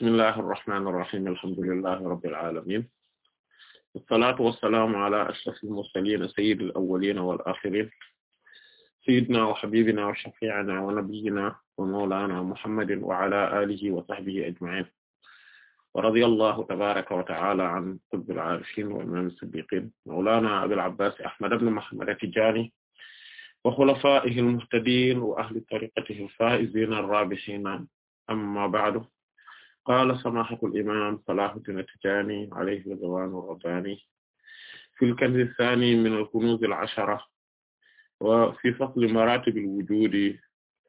bismillahir rahmanir rahim alhamdulillahi rabbil alamin wassalatu wassalamu ala ashrafil mursalin sayyidil awwalin wal akhirin sayyidina wa habibina wa shafi'ina wa nabiyyina wa mawlana muhammadin wa ala alihi wa sahbihi ajma'in wa radiyallahu tabaraka wa ta'ala an qutbil arifin wa imam as-siddiqin mawlana abil abbas ahmad ibn muhammad at-tijani wa khulafaihi al-muhtadin wa ahli tariqatihi al-faizin ar-rabihin amma ba'du qaala samaahatul imaam Salaahuddin At-Tijaani alayhi ridwaanu rabbaani fil kanzi saani minal kunuuzil ashara wa fi fasli maraatibil wujuudi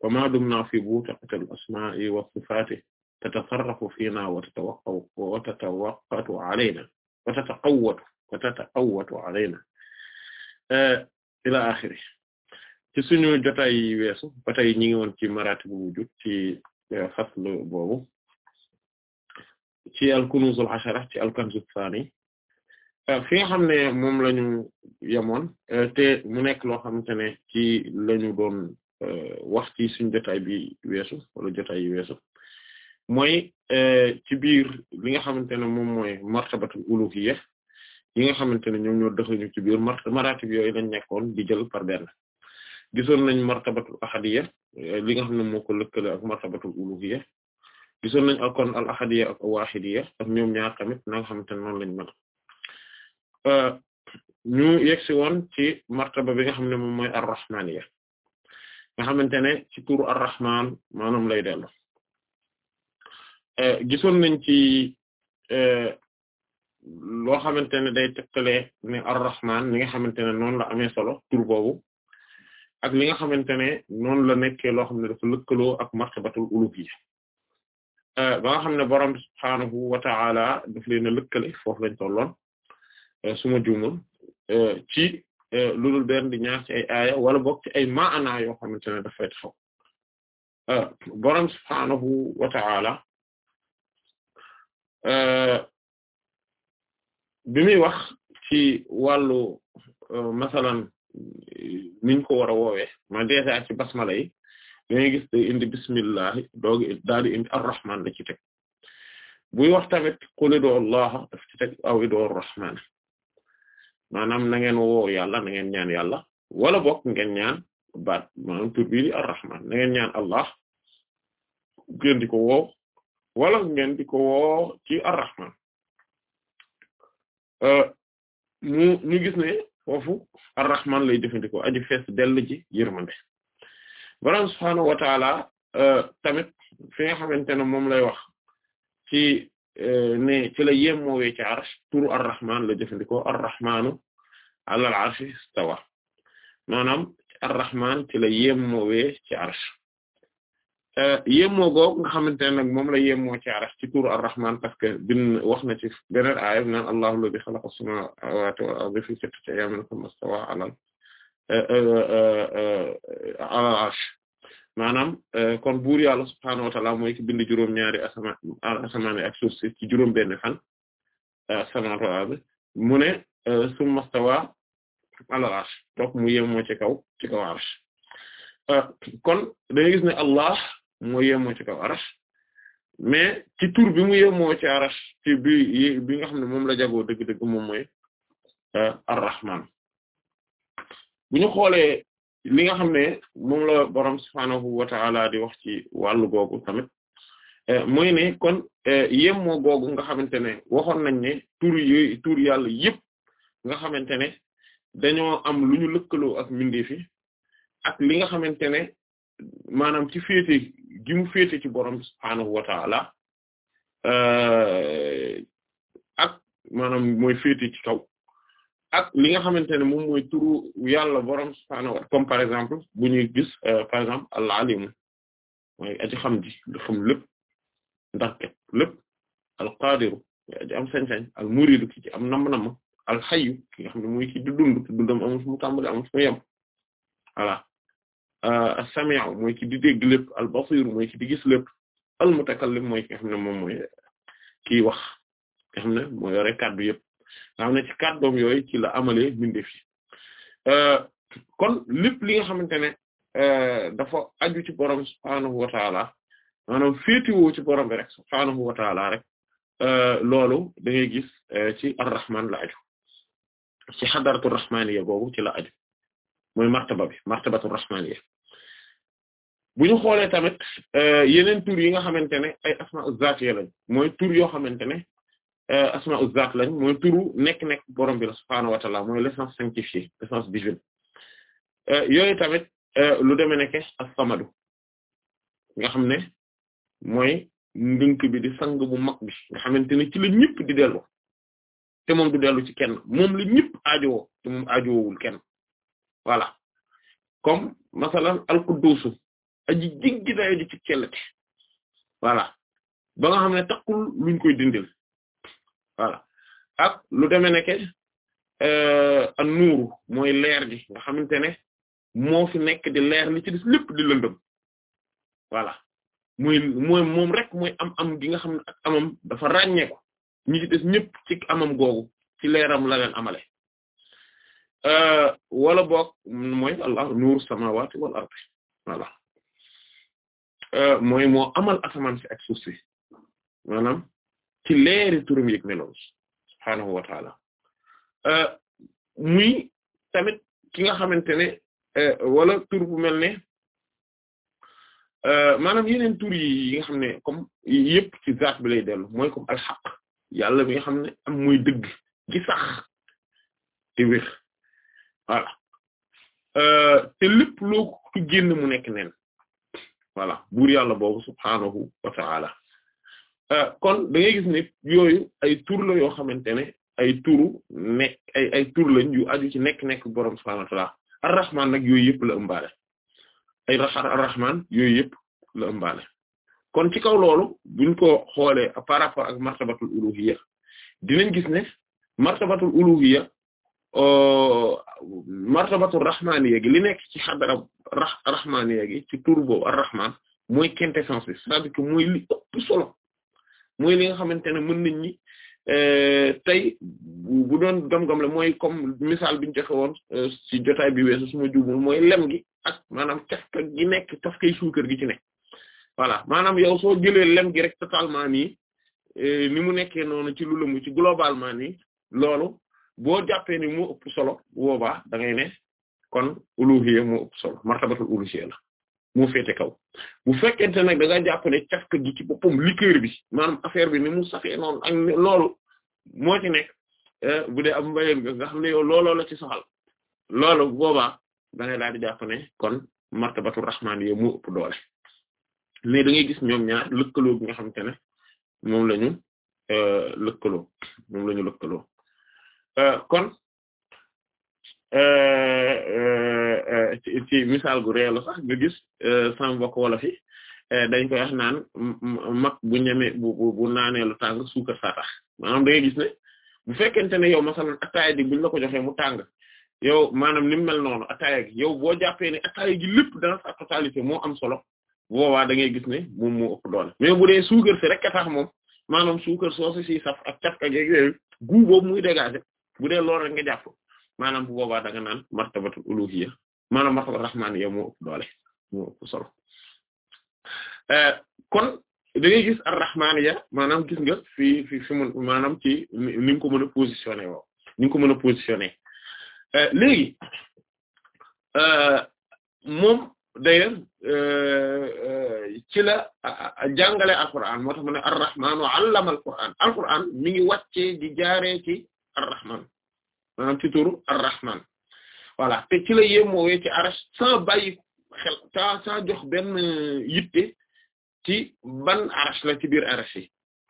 wa maa dumnaa fi buutiqatil asmaa'i wa sifaati tatasarrafu fiinaa wa tatawaqqa'u wa tatawaqqatu alaynaa wa tataqawwatu wa tataqawwatu alaynaa ilaa aaxiri ci suñu jotaay yi weesu ba tey ñu ngi woon ci maraatibul wujuud ci euh, faslu boobu. ci al-Kunûz ci al-Kanz ath euh, fi nga xam ne moom lañu ñu euh, te mu nekk loo xamante ne ci lañu ñu doon euh, wax ci suñu jotaay bi weesu wala jotaay yi weesu mooy ci biir li nga xamante ne moom mooy martabatul uluhiyya yi nga xamante ne ñoom ñoo dëxañu ci biir mart maratib yooyu lañ nekkoon di jël par benn gisoon nañ martabatul ahadiyya li nga xam ne moo ko lëkkale ak martabatul gisoon nañ ak kon al ahadiya ak wahidiyya ak ñoom ñaar tamit na nga xamante ne noonu lañ mën euh, ñu yegsi woon ci martaba bi nga xam ne moom mooy ar-rahmaniyya nga xamante ne ci turu ar-rahman maanaam lay dellu euh, gisoon nañ ci euh, loo xamante ne day tëkkale ne ar-rahman li nga xamante ne noonu la amee solo tur boobu ak li nga xamante ne noonu la nekkee loo xam ne dafa lëkkaloo ak martabatul uluhiyya Euh, ba nga xam ne borom bi subhaanahu wa ta'ala daf leen a lëkkale foofu lañ tolloon euh, suma juumul euh, ci lu dul benn di ñaar ci ay wala bokk ci ay maanaa yoo xamante ne dafay taxaw borom subhaanahu wa ta'ala bi muy wax ci wàllu masalan niñ ko war a woowee ma déjà ci basmala yi dangay gis day indi bismillahi doogi daal di indi arrahman la ci teg buy wax tamit qul ud'u allaha daf ci teg aw ud'u arrahman maanaam na ngeen woo yàlla na ngeen ñaan yàlla wala bokk ngeen ñaan baat maanaam tur bii di arrahman na ngeen ñaan allah ngeen di ko woo wala ngeen di ko woo ci arrahman euh, mu ñu gis ne foofu arrahman lay jëfandikoo aji fees dell ji yërmande borom subhaanahu wa taala euh, tamit fi nga xamante moom lay wax ci euh, ne ci la yem moowee ci arsh turu arrahman la jëfandikoo arrahmanu ala al arsh istawa maanaam arrahman ci la yem moowee ci arsh euh, yéemoo googu nga xamante ne nag moom la yéemoo ci arax ci turu arrahman parce que bin wax na ci beneen aaya naan allahu alladhi khalaqa as-samawati wal arda fi sittati ayyamin thumma istawa ala E, e, e, alal arsh kon buur yàlla subhaanahu wa ta'ala ki bind juróom ñaari asamaan asamaan ak suuf si ci juróom benn fan asamaan mu ne summa stawaa alal arsh donc mu ci kaw ci kaw arsh kon dañuy Allah moo yemoo ci kaw arsh mais ci tur bi mu yemoo ci arsh ci bi bi nga xam ne moom la jagoo dëgg-dëgg moom mooy ar-Rahman bu ñu xoolee li nga xam ne moom la borom subhaanahu wa ta'ala di wax ci wàllu googu tamit eh, mooy ne kon eh, yem moo googu nga xamante ne waxoon nañ ne tur yooyu tur yàlla yëpp nga xamante ne dañoo am lu ñu lëkkaloo ak mbindeef yi ak li nga xamante ne maanaam ci féete gi mu féete ci borom subhaanahu wa ta'ala eh, ak maanaam mooy féete ci kaw ak li nga xamante ne moom mooy yàlla borom subhaanahu wa comme par exemple bu ñuy gis euh, par exemple al-alim mooy aji xam di xam lépp ndax lépp al-qaadiru am sañ-sañ al-muridu ki am namm-namm al-hayyu ki nga xam ki di dund te dundam amul fu mu tàmbali amul fu mu yem voilà euh, mooy ki di dégg lépp al-basiru mooy ki di gis lépp al-mutakallim mooy ki nga xam ne moom mooy kiy wax nga xam ne mooy yore kàddu nga xam ne ci kàddoom yooyu ci la amalee mbindeef yi euh, kon lépp li nga xamante ne euh, dafa aju ci borom subhaanahu wa taala maanaam féetiwoo ci borom bi rek subhaanahu wa taala rek euh, loolu da gis ci ar-rahman la aju ci xadaratu rahmaniya boobu ci la aju mooy martaba bi martabatu rahmaniya bu ñu xoolee tamit yeneen tur yi nga xamante ne ay asma zaatiya lañ mooy tur yoo xamante ne Euh, asma uzat lañ mooy turu nekk-nekk borom bi la subhaanahu wa ta'ala mooy l'essence sanctifiée l'essence divine euh, yooyu tamit euh, lu deme nekk samadu nga xam ne mooy ndënk bi di sang bu mag bi nga xamante ne ci la ñëpp di dellu te moom du dellu ci kenn moom la ñëpp aajowoo te moom aajowowul kenn voilà comme masalan aji jiggi dayo ji ci kellate voilà ba nga xam ne takkul luñ koy dindil voilà ak lu demee ne que an mooy leer gi nga xamante ne moo fi nekk di leer li ci des lépp di lëndëm voilà muy mooy moom rek mooy am am gi nga xam ne ak amam dafa ràññeeku ñi ci des ñëpp ci amam googu ci leeram la leen amale euh, wala boog mooy allah nuuru samawati wal ardi voilà euh, mooy moo amal asamaan si ak suuf si ci leeri turam yëg meloom subhaanahu wa taala euh, muy tamit ki nga xamante ne euh, wala tur bu mel ne euh, maanaam yeneen tur yi nga xam ne comme yëpp ci zaat bi lay dellu mooy comme alxaq yàlla bi nga xam ne am muy dëgg gi sax te wér voilà te lépp loo ko génn mu nekk neen voilà buur yàlla boobu subhaanahu wa Euh, kon da ngay gis ne yooyu ay tur la yoo xamante ne ay turu nekk ay ay tur ci nekk-nekk boroom subhaanahu wa ta'aala nag yooyu yëpp la ëmbaale ay ar-Rahmaan yooyu yëpp la ëmbaale kon ci kaw loolu buñ ko xoolee par rapport ak martabatul uluhiyya dinañ gis ne martabatul uluhiyya euh, martabatul rahmaaniyya gi li nekk ci xadara rahmaaniyya gi ci tur boobu ar-Rahmaan mooy quintessence bi cest à li ëpp solo mooy li nga xamante ne mën nañ ñi euh, tey bu doon gam-gam la mooy comme misaal biñ joxe woon ci euh, jotaay bi weesu suma juumul mooy lem gi ak maanaam cafka gi nekk cafkay suukar gi ci ne voilà maanaam yow soo jëlee lem gi rek totalement nii euh, ni mu nekkee noonu ci lu lëmu ci globalement ni loolu boo jàppee ni mu ëpp solo boobaa da ngay ne kon uluhiyya mu ëpp solo martabatul uluhiyya moo féete kaw bu fekkente nag da nga jàpp ne cafka gi ci boppam liqueur bi maanaam affaire bi ni mu safee noonu ak loolu moo ci nekk eh, bu dee am mbayeen nga nga xam ne yow looloo la ci soxal loolu boobaa da ngay daal di jàpp ne kon martabatu rahmaan yow moo ëpp doole mais da gis ñoom ñaar lëkkaloo bi nga xamante ne moom lañu eh, ñu lëkkaloo moom eh, lëkkaloo kon ci ci misaal gu reelu sax nga gis euh, sama mbokk wolof yi euh, dañ koy wax naan mag bu ñeme bu bu lu tàng suukar saa tax maanaam da ngay gis ne bu fekkente ne yow masalan attaaya ji buñ la ko joxee mu tàng yow maanaam ni mu mel noonu attaaya gi yow boo jàppee ne attaaya ji lépp dans sa totalité moo am solo boobaa da ngay gis ne mu moo mais bu dee suukar si rek a tax moom maanaam suukar soosu si saf ak cafka geeg yooyu goût boobu muy dégager bu dee loolu rek nga jàpp. maanaam bu boobaa da nga naan martabatul uluhiyya maanaam martabatul rahmaniyya moo ëpp doole moo ëpp solo eh, kon da ngay gis ar-rahmaniyya maanaam gis nga fi fi fi mu ci ni nga ko mën a positionné waaw ni nga ko mën a positionné eh, léegi eh, moom d'ailleurs ci la jàngale alquran moo tax mu ne ar mi ngi wàccee di jaaree ci ar-rahmaan maanaam ci turu ar-Rahman voilà te ci la yemmoowee ci arash sans bàyyi xel ta sans jox benn yitte ci ban arash la ci biir arash yi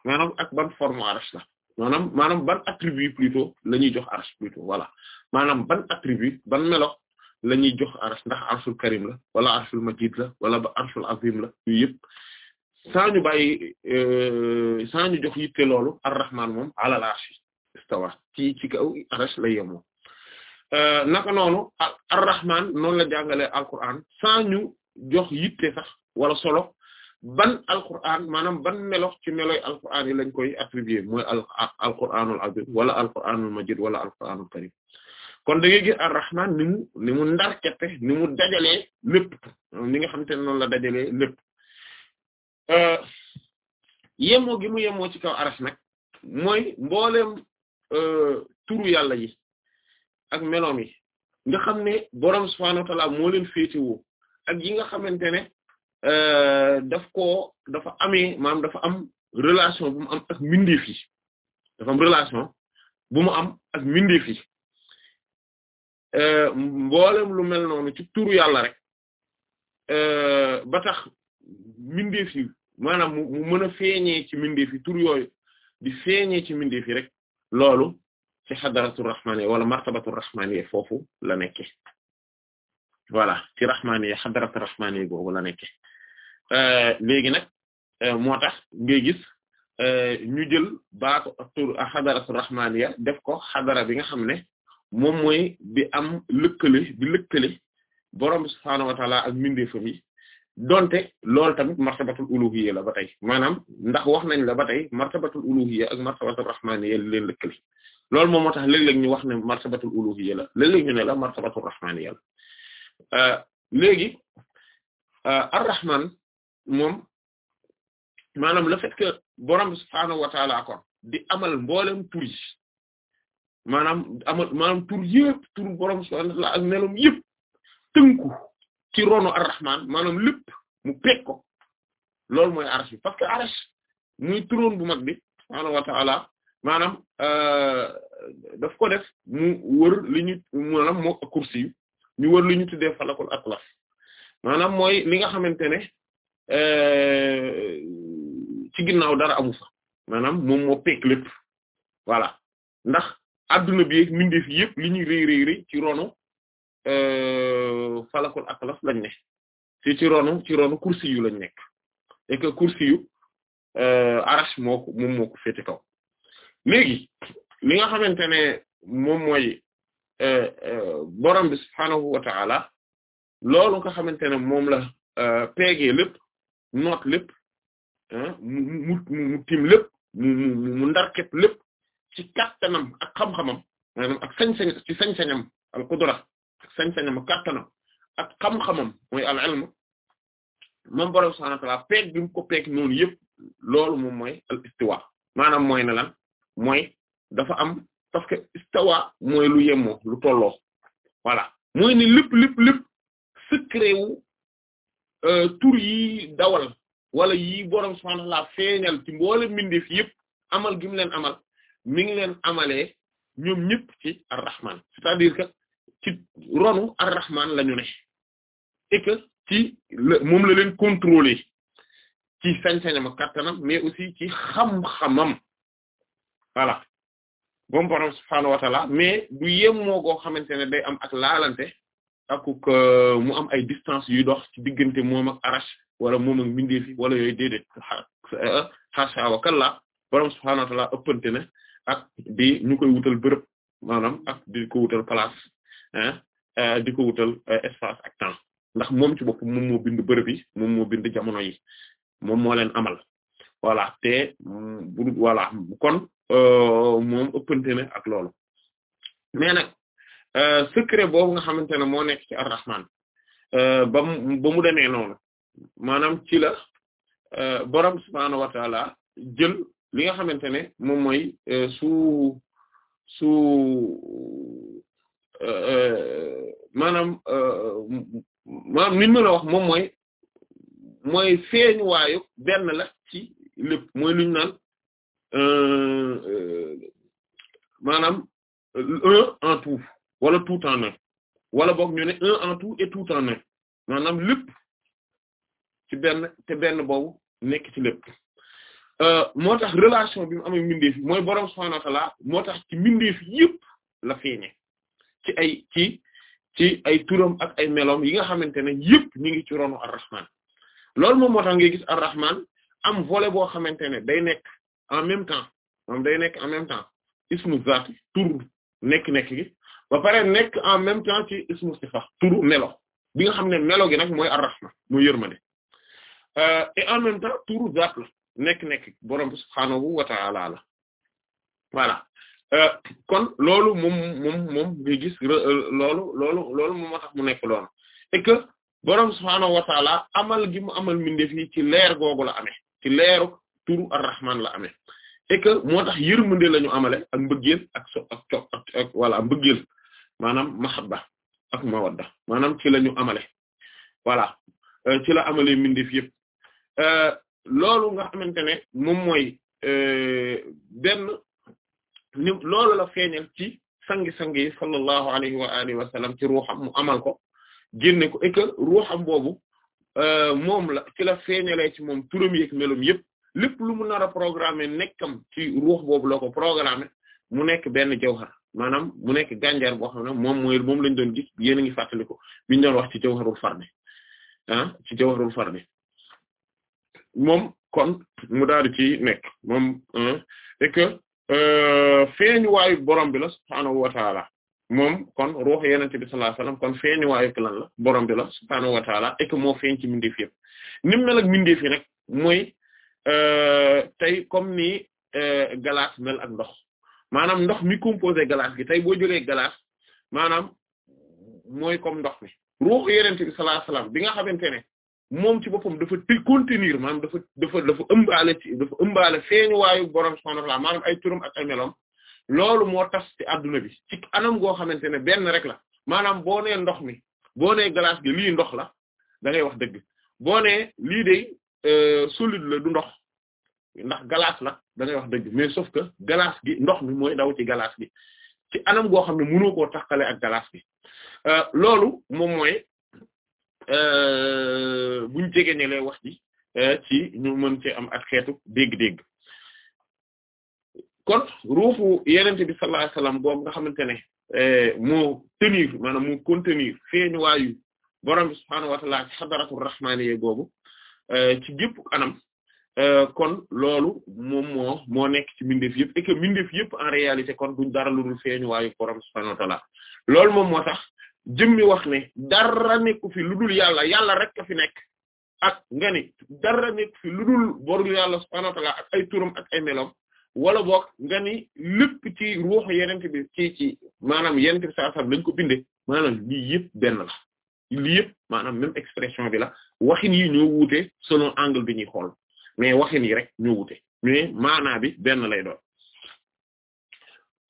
maanaam ak ban forme arash la maanaam maanaam ban attribut plutôt la ñuy jox arash plutôt voilà maanaam ban attribut ban melo la ñuy jox arash ndax arshul karim la wala arshul majid la wala ba arshul la yu yëpp euh, sans ñu jox yitte loolu ar-Rahman moom ala al istawa ci ci kaw arash la yemoo euh, naka noonu ar-rahman noonu la jàngalee Alqur'an sans ñu jox yitte sax wala solo ban Alqur'an maanaam ban melox ci melooy Alqur'an yi lañ koy attribuer mooy al Alqur'anul azim wala Alqur'anul majid wala Alqur'anul karim kon da ngay gis ar-rahman ni mu ni mu ndarkete ni mu dajalee ni xam te ne noonu la dajalee lépp euh, yemoo gi mu yemoo ci kaw arash nag mooy mbooleem Euh, turu yàlla yi ak meloom yi nga xam ne borom subhaanahu wa ta'aala moo leen féetewoo ak yi nga xamante ne euh, daf ko dafa amee maanaam dafa am relation bu mu am ak mbindeef yi relation bu mu am ak mbindeef yi euh, mboolem lu mel noonu ci turu yàlla rek ba tax mbindeef yi maanaam mu mën a feeñee ci mbindeef yi tur yooyu di feeñee ci mbindeef yi rek loolu ci xadaratu rahmaaniya wala martabatu rahmaaniya foofu la nekke voilà ci rahmaaniya xadaratu rahmaaniya boobu la nekke euh, léegi nag euh, moo tax ngay gis euh, ñu jël baatu tur xadaratu rahmaaniya def ko xadara bi nga xam ne moom mooy bi am lëkkale bi lëkkale borom subhaanahu wa taala ak mbindeefam yi donte lool tamit martabatul uluhiyya la ba tey maanaam ndax wax nañ la ba tey martabatul uluhiyya ak martabatul rahmaniyya li leen lëkkale loolu moom tax léeg-léeg ñu wax ne martabatul uluhiyya la léeg-léeg ñu ne la martabatul rahmaniyya a euh, léegi euh, ar-rahman moom maanaam le fait que borom subhaanahu wa kon di amal mboolem tur yi maanaam tur yëpp tur borom subhaanahu la ta'ala ak melom yëpp ci ronu ar-Rahman maanaam lépp mu pegg ko loolu mooy arsh parce que arsh muy trône bu mag bi subhaanahu wa ta'ala maanaam euh, daf ko def mu wër li ñu maanaam moo kursi yu ñu wër li ñu tuddee falakul atlas maanaam mooy li nga xamante ne euh, ci ginnaaw dara amu fa maanaam moom moo pegg lépp voilà ndax adduna bi ak mbindeef yëpp li ñuy rëy rëy rëy ci ronu Euh, falakul atlas lañ ne ci ci ronu ci ronu kursi yu lañ et que kursi yu euh, arash moo ko moom moo ko féete kaw léegi li nga xamante ne moom mooy euh, borom bi subhaanahu wa ta'ala loolu nga xamante ne moom la peegee lépp noot lépp mu mu mu tim lépp mu mu mu ndarket lépp ci kattanam ak xam-xamam maanaam ak sañ-sañ ci al qudra ak sañ-sañam kàttanam ak xamam mooy al ilm moom borom subhaanahu wa ta'aala peeg ko peeg noonu yëpp loolu moom mooy al istiwa maanaam mooy na lan mooy dafa am parce que istawa mooy lu yemoo lu tolloo voilà mooy ni lépp lépp lépp secret euh, tur yi dawal wala yi borom subhaanahu wa feeñal ci mboole mbindeef yëpp amal gi leen amal mi ngi leen amalee ñoom ñëpp ci ar cest c'est-à-dire que ci ronu ar-Rahman la ne et ci moom la leen contrôler ci sañ-sañam ak kattanam mais aussi ci xam-xamam voilà moom borom subhaanahu wa mais du yem moo goo xamante ne day am ak laalante ak euh, mu am ay distance yuy dox ci diggante moom ak wala moom ak mbindeef yi wala yooyu déedéet xaasa euh, wa kalla borom subhaanahu wa ta'ala na ak di ñu koy wutal bërëb maanaam ak di ko wutal place Euh, di ko wutal euh, espace ak ndax moom ci bopp moom moo bind bërëb yi moom moo bind jamono yi moom moo leen amal voilà te bu voilà kon euh, moom ëppante ne ak loolu mais nag secret boobu nga xamante ne moo nekk ci ar-Rahman ba mu ba mu demee noonu maanaam ci la borom subhaanahu wa taala jël li nga xamante ne moom mooy su su Euh, euh, maanaam euh, maanaam li ma wax moom mooy mooy feeñ waayu benn la ci lépp mooy lu ñu naan maanaam un en tout wala tout en un wala boog ñu ne un en tout et tout en un maanaam lépp ci benn te benn boobu nekk ci lépp moo tax relation bi mu amee mbindeef yi mooy boroom subhaanahu moo tax ci mbindeef yëpp la feeñe ci ay ci ci ay turam ak ay meloom yi nga xamante ne yëpp ñu ngi ci ronu rahman loolu moom moo tax ngay gis rahman am volet boo xamante ne day nekk en même temps day nekk en même temps ismu zaat tur nekk-nekk ba pare nekk en même temps ci ismu melo bi nga xam ne melo gi nag mooy ar-Rahman mooy mane euh, et en même temps turu zaat la nekk-nekk borom bi subhaanahu wa ta'ala la voilà Euh, kon loolu moom moom moom ngay gis euh, loolu loolu loolu moom tax mu nekk loolu que borom subhaanahu wa taala amal gi mu amal mbindeef yi ci leer googu la amee ci leeru turu ar la amee et que moo tax la ñu amale ak mbëggeel ak so ak co ak wala mbëggeel maanaam mahabba ak mawadda maanaam ci la ñu amale voilà euh, ci la amale mbindeef yëpp loolu nga xamante ne moom mooy benn ni loolu la feeñal ci sangi-sang yi sallallahu alayhi wa alihi wa sallam ci ruuxam mu amal ko génne ko et que ruuxam boobu euh, moom la ci la feeñalee ci moom turam yeeg melum yëpp lépp lu mu nar a programmer nekkam ci ruux boobu la ko programmer mu nekk benn jawhar maanaam mu nekk gànjar boo xam ne moom mooy moom lañ doon gi yéen a ngi fàttaliku bi ñu doon wax ci jawharul farbi ah ci jawharul farbi moom kon mu daal ci nekk moom et Euh, feeñuwaayu borom bi la subhaanahu wa taala moom kon ruux yenente bi sallallahu alayhi wasallam kon feeñuwaayu lan la borom bi la subhaanahu wa taala et que moo feeñ ci mindeef yëpp ni mu mel ak mindeef yi mooy euh, tey comme ni euh, galaas mel ak ndox maanaam ndox mi composé galaas gi tey boo jëlee galaas maanaam mooy comme ndox mi ruux yenente bi sallallahu alayhi wasallam bi nga xamante ne moom ci boppam dafa ti contenir maanaam dafa dafa dafa ëmbaale ci dafa ëmbaale feeñuwaayu borom subhaanahu wa ta'aala maanaam ay turam ak ay meloom loolu moo tas ci adduna bi ci anam goo xamante ne benn rek la maanaam boo ndox mi boo nee glace gi lii ndox la da ngay wax dëgg boo nee lii de euh, solide la du ndox ndax glace la da wax dëgg mais sauf que glace gi ndox mi mooy daw ci glace gi ci anam goo xam ne mënoo koo takkale ak galaas gi euh, loolu moom mooy. Euh, buñ jegeñalee wax ji euh, ci ñu mën ci am ak xeetu dégg-dégg kon ruufu yenente bi sallallahu alayhi wasallam boobu nga xamante ne euh, moo tenir maanaam moo contenir feeñu waayu borom bi subhaanahu wa ta'ala ci xadaratul rahmaaniyya boobu ci gépp anam kon loolu moom moo moo nekk ci mbindeef yëpp et que mbindeef yëpp en réalité kon duñ dara lu dul feeñu waayu borom bi subhaanahu wa ta'ala loolu jëmmi wax ne dara nekku fi lu dul yàlla yàlla rek ka fi nekk ak nga ni fi lu dul boru yàlla subhaanahu wa ak ay turam ak ay melom wala boog nga ni lépp ci ruuxu yenent bi ci ci maanaam yenent bi saa lañ ko binde maanaam lii yëpp benn la li yëpp maanaam même expression bi la waxin yi ñoo wuute selon angle bi ñuy xool mais waxin yi rek ñoo wuute mais maanaa bi benn lay doon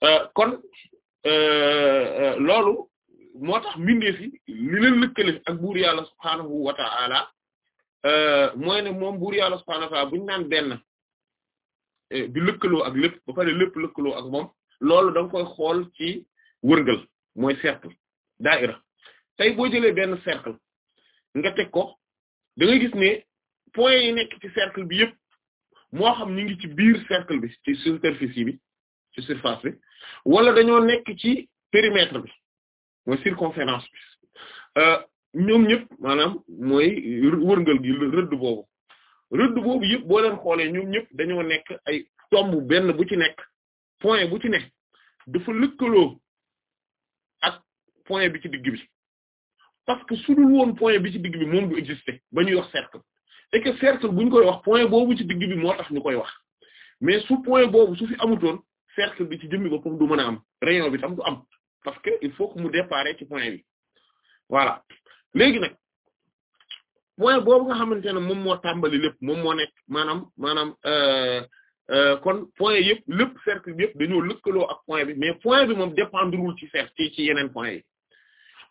euh, kon euh, euh, loolu moo tax mbindeef yi li leen lëkkale ak buur yàlla subhaanahu wa ta'ala euh, mooy ne moom buur yàlla subhaanahu wa ta'ala buñu naan benn bi eh, lëkkaloo ak lépp ba pare lépp lëkkaloo ak moom loolu da koy xool ci wërngal mooy cercle daayira tey boo jëlee benn cercle nga teg ko da nga gis ne point yi nekk ci cercle bi yëpp moo xam ñu ngi ci biir cercle bi bi ci surface bi wala dañoo nekk ci périmètre bi mooy circonférence bi euh, ñoom ñëpp maanaam mooy wërngal gi rëdd boobu rëdd boobu yëpp boo leen xoolee ñoom ñëpp dañoo nekk ay tomb benn bu ci nekk point bu ci nekk dafa lëkkaloo ak point bi ci digg bi parce que su dul woon point bi ci digg bi moom du exister ba ñuy wax cercle et que cercle bu ñu koy wax point boobu ci digg bi moo tax ñu koy wax mais su point boobu su fi amutoon cercle bi ci jëmmi boppam du mën a am rayon bi tam du am parce que il faut que mu départ ci point bi voilà léegi nag point boobu nga xamante ne moom moo tàmbali lépp moom moo nekk maanaam maanaam euh, euh, kon point yëpp lépp cercle bi yëpp dañoo lëkkaloo ak point bi mais point bi moom dépendrewul ci cercle ci yeneen point yi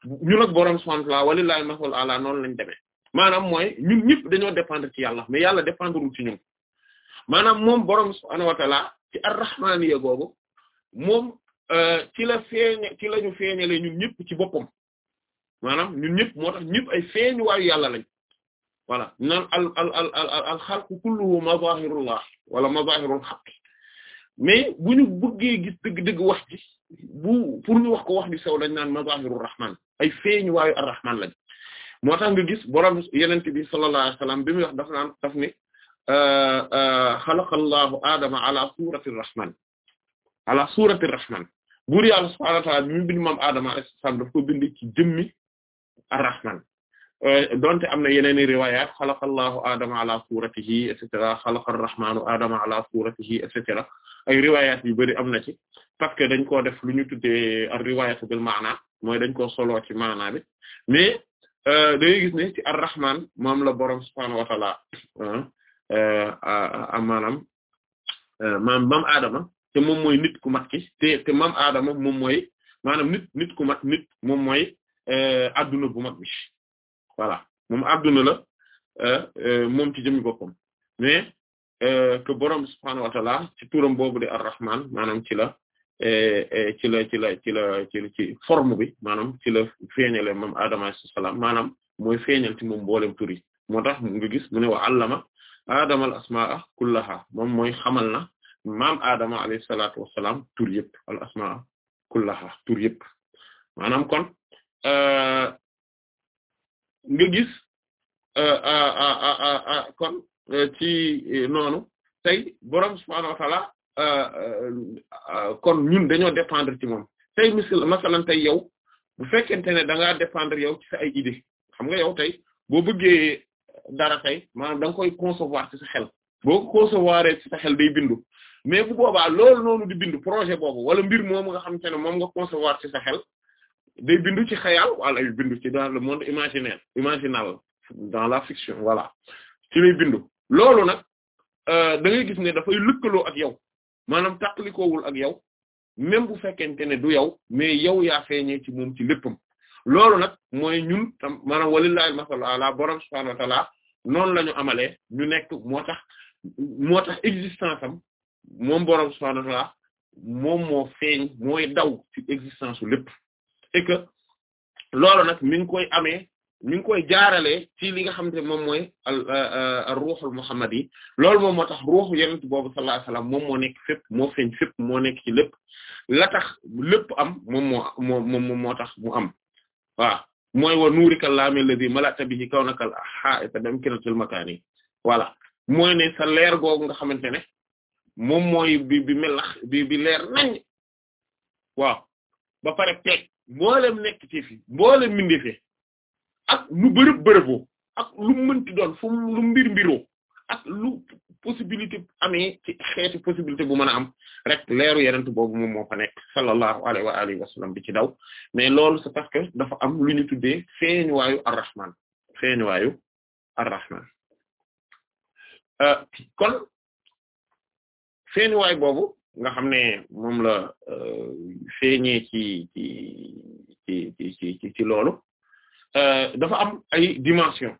ñu nag boroom subhanahu wa ta'ala walillahi masal àla noonu lañ demee maanaam mooy ñun ñëpp dañoo dépendre ci yàlla mais yàlla dépendrewul ci ñun maanaam moom boroom subhanahu wa ta'ala ci ar-rahmaniyya googu moom Euh, ci la feeñ ci la ñu ñun ñëpp ci boppam maanaam ñun ñëpp moo tax ñëpp ay feeñ waayu yàlla lañ voilà naan al al al al al xalqu kulluhu mazahirullah wala mazahirul xaq mais bu ñu bëggee gis dëgg-dëgg wax ji bu pour ñu wax ko wax di sew lañ naan mazahirur rahman ay feeñ waayu ar-rahman lañ moo tax nga gis borom yeneen bi sallallahu alayhi wasallam bi muy wax daf naan daf ne euh, euh, xalaqallahu aadama ala surati rahman ala surati rahman buur yàlla subhaanahu wa ta'aala bi mu bind moom Adama alayhi salaam ko bind ci jëmmi ar-Rahmaan euh, donte am na yeneen i riwaayaat Adama ala suuratihi et cetera xalaqa ar Adama ala suuratihi et cetera ay riwaayaat yu bari am na ci parce que dañ koo def lu ñu tuddee ar-riwaayaatu maana mooy dañ koo soloo ci maana bi mais euh, da ngay gis ci ar-Rahmaan moom la boroom subhaanahu wa ta'aala euh, maanaam Adama. te moom mooy nit ku mat ki te te maam aadama moom mooy maanaam nit nit ku mat nit moom mooy euh, adduna bu mat bi voilà moom adduna la euh, euh, moom ci jëmi boppam mais que borom subhaanahu wa ta'ala ci turam boobu de ar-rahman maanaam ci la ci la ci la ci la ci ci forme bi maanaam ci la feeñale moom aadama salaam maanaam mooy feeñal ci moom mboolem tur yi moo tax nga gis mu wa allama aadama al asmaa kullaha moom mooy xamal na maam Adama alayhi salaatu wa salaam tur yëpp al asmaa kon ci noonu tey borom subhaanahu wa ta'aala euh, euh, kon ñun dañoo dépendre ci moom tey misal masalan tey yow bu fekkente ne da ngaa dépendre yow ci ay idée xam nga yow tey boo bëggee dara tey maanaam da koy concevoir ci sa xel boo ci sa xel bindu. mais bu boobaa loolu noonu di bind projet boobu wala mbir moom nga xamante ne moom nga concevoir ci sa xel day bindu ci xayal wala yu bindu ci dans le monde imaginaire imaginal dans la fiction voilà ci lay bindu loolu nag euh, da ngay gis ne dafay lëkkaloo ak yow maanaam tàqalikoowul ak yow même bu fekkente ne du yow mais yow ya feeñee ci moom ci léppam loolu nag mooy ñun tam maanaam walillahi masal ala borom subhanahu wa ta'ala noonu la ñu amalee ñu nekk moo tax moo moom boroom subhaanahu wa ta'ala moom moo feeñ mooy daw ci existence su lépp et que loolu nag mi koy amee mi ngi koy jaarale ci li nga xamante ne moom mooy al al euh, euh, ruuxul muhammad yi moom moo tax ruuxu yenent boobu sallallahu alayhi wasallam moom moo nekk fépp moo feeñ fépp moo nekk ci lépp la am moom moo moo moom tax mu am waaw mooy wa nuurikal laamil ladhi mala'ta bihi kawnakal haa'ita mumkinatil makaani voilà mooy ne sa leer googu nga xamante ne moom mooy bi bi melax bi bi leer nañ waaw ba pare peeg mboolem nekk ci fi mboolem mindifee ak lu bërëb bërëboo ak lu mënti doon fu lu mbir mbiroo ak lu possibilité amee ci xeeti possibilité bu mën am rek leeru yenent boobu moom moo fa nekk sallallahu alayhi wa bi ci daw mais loolu c'est parce que dafa am lu ñu tuddee feeñuwaayu ar-rahman feeñuwaayu euh, kon waay boobu nga xam ne moom la euh, feeñee ci ci ci ci ci ci loolu euh, dafa am ay dimension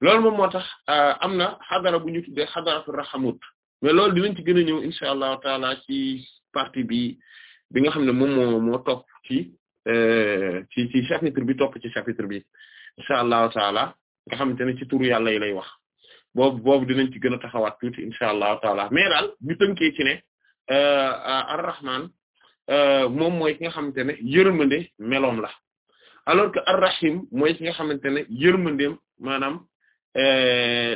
loolu moom moo tax euh, am na xadara bu ñu tuddee xadaratu raxamut mais loolu dinañ ci gën a ñëw incha allahu taala ci partie bi bi nga xam ne moom moo moo topp ci ci ci chapitre bi topp ci chapitre bi incha allahu taala nga xamante ne ci turu yàlla yi lay wax boobu boobu dinañ ci gën a taxawaat tuuti incha allahu taala mais daal ñu tënkee ci ne euh, euh, ar-rahman euh, moom mooy ki nga xamante ne yërmande meloom la alors que ar-rahim mooy ki nga xamante ne yërmandeem maanaam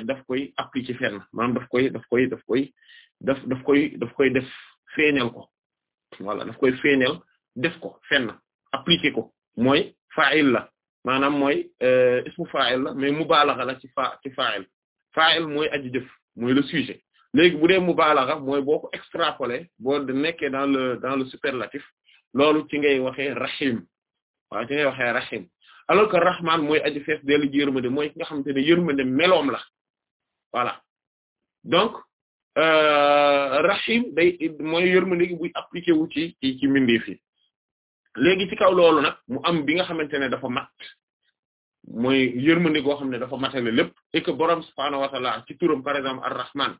daf koy appliquer fenn maanaam daf koy daf koy daf koy daf daf koy daf koy def feeñal ko voilà daf koy feeñal def ko fenn appliquer ko mooy fa'il la maanaam mooy ismu fa'il la mais mubalagha la ci fa ci fa'il fa'il mooy aji jëf mooy le sujet léegi bu dee mubalagha mooy boo ko extrapoler boo nekkee dans le dans le superlatif loolu ci ngay waxee rahim waaw ci ngay waxee rahim alors que rahman mooy aji fees dellu ji yërmande mooy ki nga xamante ne yërmande meloom la voilà donc euh, rahim day mooy yërmande gi buy appliqué wu ci ci ci mbindeef yi léegi ci kaw loolu nag mu am bi nga xamante ne dafa mat mooy yërmande goo xam ne dafa matale lépp et que borom subhaanahu wa ta'ala ci turam par exemple ar-rahman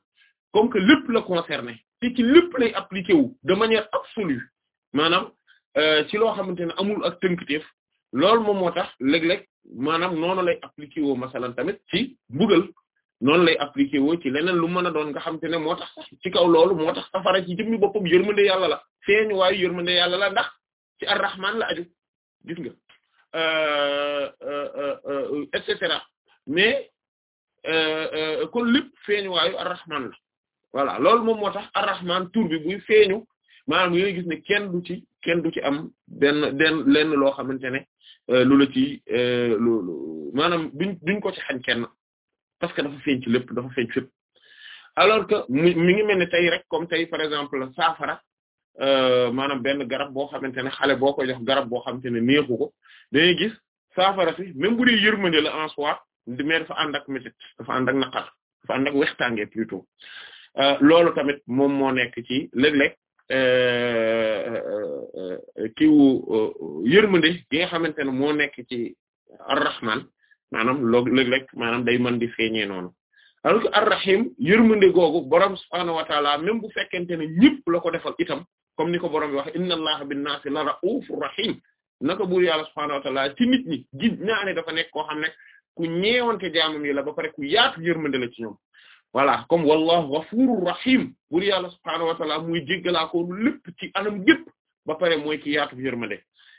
comme que lépp la concerné te ci lépp lay appliqué wu de manière absolue maanaam euh, ci loo xamante ne amul ak tënkteef loolu moom moo tax léeg-léeg maanaam noonu lay appliqué woo masalan tamit ci mbugal noonu lay appliqué woo ci leneen lu mën a doon nga xam xamante ne moo tax ci kaw loolu moo tax safara ci jëmmi boppam yërmande yàlla la feeñu waayu yërmande yàlla la ndax ci ar-rahman la aju gis nga. Euh, euh, euh, et cetera mais kon lépp feeñuwaayu ar-Rahman la voilà loolu moom moo tax ar-Rahman tur bi buy feeñu maanaam yooyu gis ne kenn du ci kenn du ci am benn benn lenn loo xamante ne lu la ci loolu maanaam duñ duñ ko ci xañ kenn parce que dafa feeñ ci lépp dafa feeñ fépp alors que mi ngi mel ne tey rek comme tey par exemple saafara Euh, maanaam benn garab boo xamante ne xale boo ko jox garab boo xamante ne neexu ko dañuy gis saafara si même bu dee la en soi fa dafa ànd métit dafa ànd ak naqar dafa ànd ak wextaange plutôt euh, loolu tamit moom moo nekk ci léeg-léeg euh, kiiwu yërmande gi nga xamante ne moo nekk ci ar-Rahman maanaam loo léeg-léeg maanaam day mën di feeñee noonu alors que ar-Rahim yërmande googu borom subhaanahu wa taala même bu fekkente ne ñëpp ko defal itam comme ni ko borom bi wax inna allaha bin naasi la ra'ufur rahim naka buur yàlla subhaanahu wa ta'ala ci nit ñi gis naa ne dafa nekk koo xam ne ku ñeewante jaamam yi la ba pare ku yaatu yërmande la ci ñoom voilà comme wallahu ghafurur rahim buur yàlla subhaanahu wa ta'ala muy jéggalaa ko lépp ci anam gépp ba pare mooy ki yaatu yërmande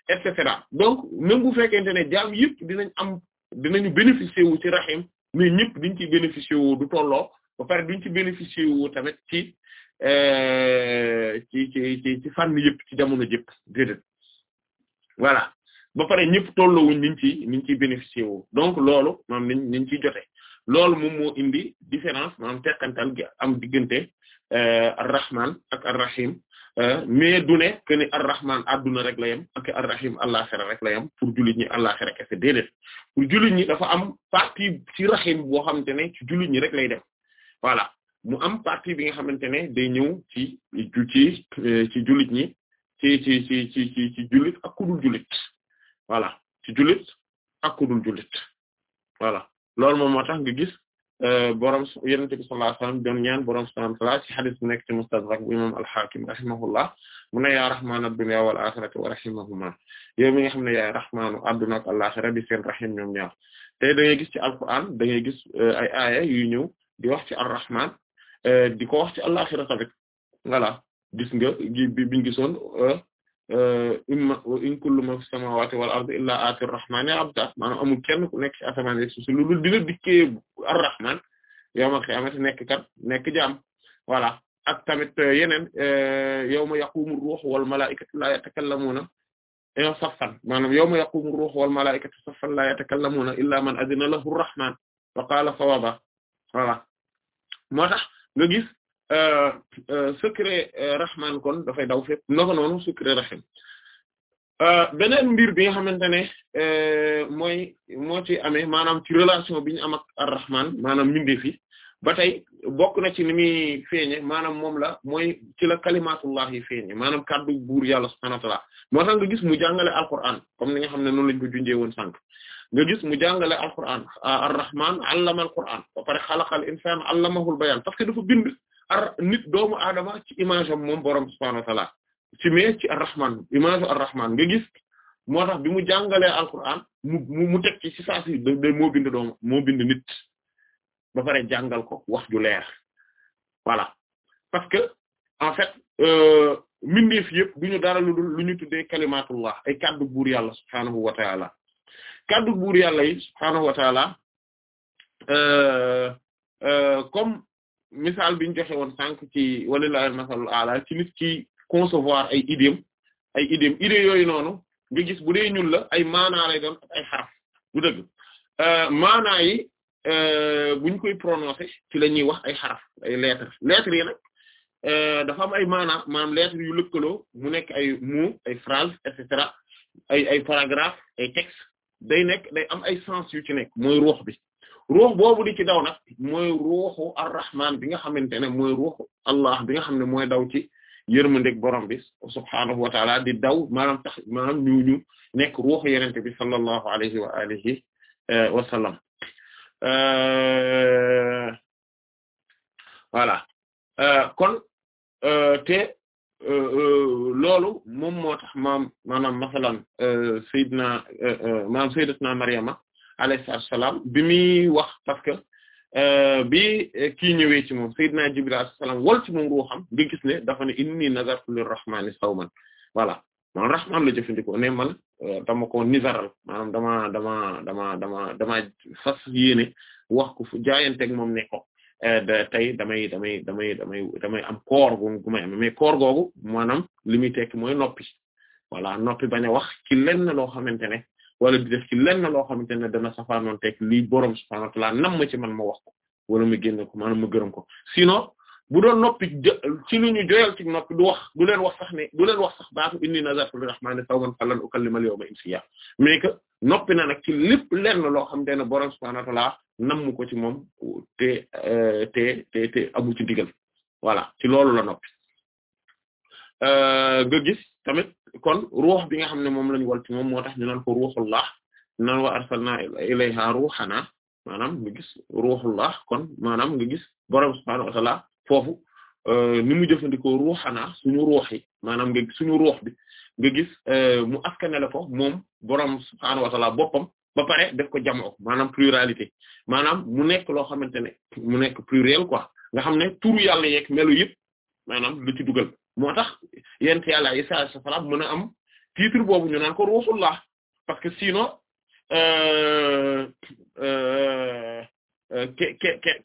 et cetera donc même bu fekkente ne jaam yëpp dinañ am dinañu bénéficier wu ci rahim mais ñëpp duñ ci bénéficier wu du tolloo ba pare duñ ci bénéficier tamit Euh, ci ci ci ci fànn yëpp ci jamono jëpp déedéet voilà ba pare ñëpp tolloowuñ niñ ci niñ ciy bénéficier wu donc loolu maanaam niñ niñ ciy jote loolu moom moo indi différence maanaam teqantal gi am diggante euh, ar-rahman ak ar-rahim euh, mais du ne que ni ar-rahman adduna rek la yem ak ar-rahim àllaxira rek la yem pour jullit ñi àllaxira kese déedéet pour jullit dafa am partie ci rahim boo xamante ne ci jullit ñi rek lay dem mu am partie bi nga xamante ne day ñëw ci ci ci ñi ci ci ci ci ci ku dul ci jullit ak ku dul jullit voilà loolu moom moo tax nga gis euh, borom yonent bi sallallahu alayhi wasallam doon ñaan borom subhanahu wa ci hadith nekk ci mustadrak bu imam al-Hakim mu ne yaa rahmaanu wa rahimahuma yow xam ne yaay rahmaanu adduna ak al-axira bi rahim ñoom ñaar tey da gis ci alquran da gis euh, ay aaya yuy di wax ci ar Euh, di ko wax ci àllaxira tamit voilà gis nga bi biñ gisoon euh, euh, imma in kullu ma fi samawati wal ardi illa atir rahmani abda maanaam amul kenn ku nekk ci asamaan yi su lu dina dikkee ar-rahman yawma qiyamati nekk kat nekk jaam voilà ak tamit yeneen yawma yaqumu ruux wal malaa'ikatu laa yatakallamuuna saffan yaqumu ruux wal malaa'ikatu saffan laa yatakallamuuna illa man adina rahman wa qaala sawaba voilà moo tax nga gis euh, euh, secret euh, rahman kon dafay daw fépp naka noonu secret rahim beneen mbir bi nga xamante ne mooy moo ci amee maanaam ci relation bi ñu am a ar-rahman maanaam mbindeef yi ba tey bokk na ci ni muy feeñe maanaam moom la mooy ci la kalimatullah yi feeñe maanaam kaddu buur yàlla subhanahu wa ta'ala moo tax nga gis mu jàngale alquran comme ni nga xam ne noonu lañ ko junjee woon sànq nga gis mu jàngale alquran ah, arrahman allama alquran ba pare xalaqal insaan allamahul bayaan parce que dafa bind nit doomu aadama ci image moom borom subhaanahu wa ta'ala ci mais ci arrahman image arrahman nga gis moo tax bi mu jàngalee alquran mu mu teg ci ci saa si moo bind doomu moo bind nit ba pare jàngal ko wax ju leer voilà parce que en fait euh, mbindeef yëpp du ñu dara lu dul lu ñu tuddee kalimatullah ay kaddu buur yàlla subhaanahu wa ta'ala kaddu buur yàlla yi subhaanahu wa taala euh, euh, comme misaal bi ñu joxe woon sànq ci walillahi masalul ala ci nit ki concevoir ay idéem idéem idée yooyu noonu nga bu dee ñun la ay maanaa lay doon ay xaraf du dëgg euh, maanaa yi buñ koy prononcer ci la ñuy wax ay xaraf ay lettres lettres yi na dafa am ay maanaa maanaam lettres yu lëkkaloo mu nekk ay mots ay phrases et ay ay ay textes day nekk day am ay sens yu ci nekk mooy ruux bi ruux boobu di ci daw na mooy ruuxu arrahman bi nga xamante ne mooy ruuxu allah bi nga xam ne mooy daw ci yërmandeeg borom bi subhaanahu wa taala di daw maanaam tax maanaam ñu ñu nekk ruuxu yenente bi sallallahu alayhi wa alihi eh, wa sallam eh, voilà eh, kon te Euh, euh, loolu moom moo tax maam maanaam masalan euh, Seydina maam Seydatna Maryama alayhi salaam bi muy wax parce que bi kii ñëwee ci moom Seydina Jibril alayhi salaam wol ci moom ruuxam nga gis ne dafa ne inni nazartu lirrahmani sawman voilà man rahman la jëfandikoo ne man dama ko nizaral maanaam dama dama dama dama dama fas yéene wax ko fu jaayanteeg moom ne ko Eh, tey damay damay damay damay damay am koor gu may am mais koor googu maanaam li muy tekki mooy noppi voilà noppi bañ a wax ci lenn loo xamante ne wala di def ci lenn loo xamante ne dana safaanoon tekk lii boroom subhaanahu wa ta'aala nam ma ci man ma wax ko wala ma ko maanaam ma gërëm ko sinon bu doon noppi ci lu ñu joyal ci noppi du wax du leen wax sax ne du leen wax sax baatu inni nazartu lirrahmaani sawman falan ukallima al-yawma insiya mais que noppi na nag ci lépp lenn loo xamante ne boroom subhaanahu namm ko ci moom te euh, te te te amu ci ndigal voilà ci loolu la noppi euh, nga gis tamit kon ruux bi nga xam ne moom lañu wal ci moom moo tax ñu naan ko ruuxullah naan wa arsalna ilayha ruuxana maanaam nga gis ruuxullah kon maanaam nga gis borom subhaanahu wa ta'ala foofu euh, ni mu jëfandikoo ruuxanaa suñu ruux maanaam nga suñu ruux bi nga gis mu askanele ko moom borom subhaanahu wa ta'ala boppam ba pare def ko jamoo maanaam pluralité maanaam mu nekk loo xamante ne mu nekk pluriel quoi nga xam ne turu yàlla yeeg melu yëpp maanaam lu ci dugal moo tax yent yàlla Isa alayhi mën a am titre boobu ñu naan ko rusulullah parce que sinon euh, euh, euh ke ke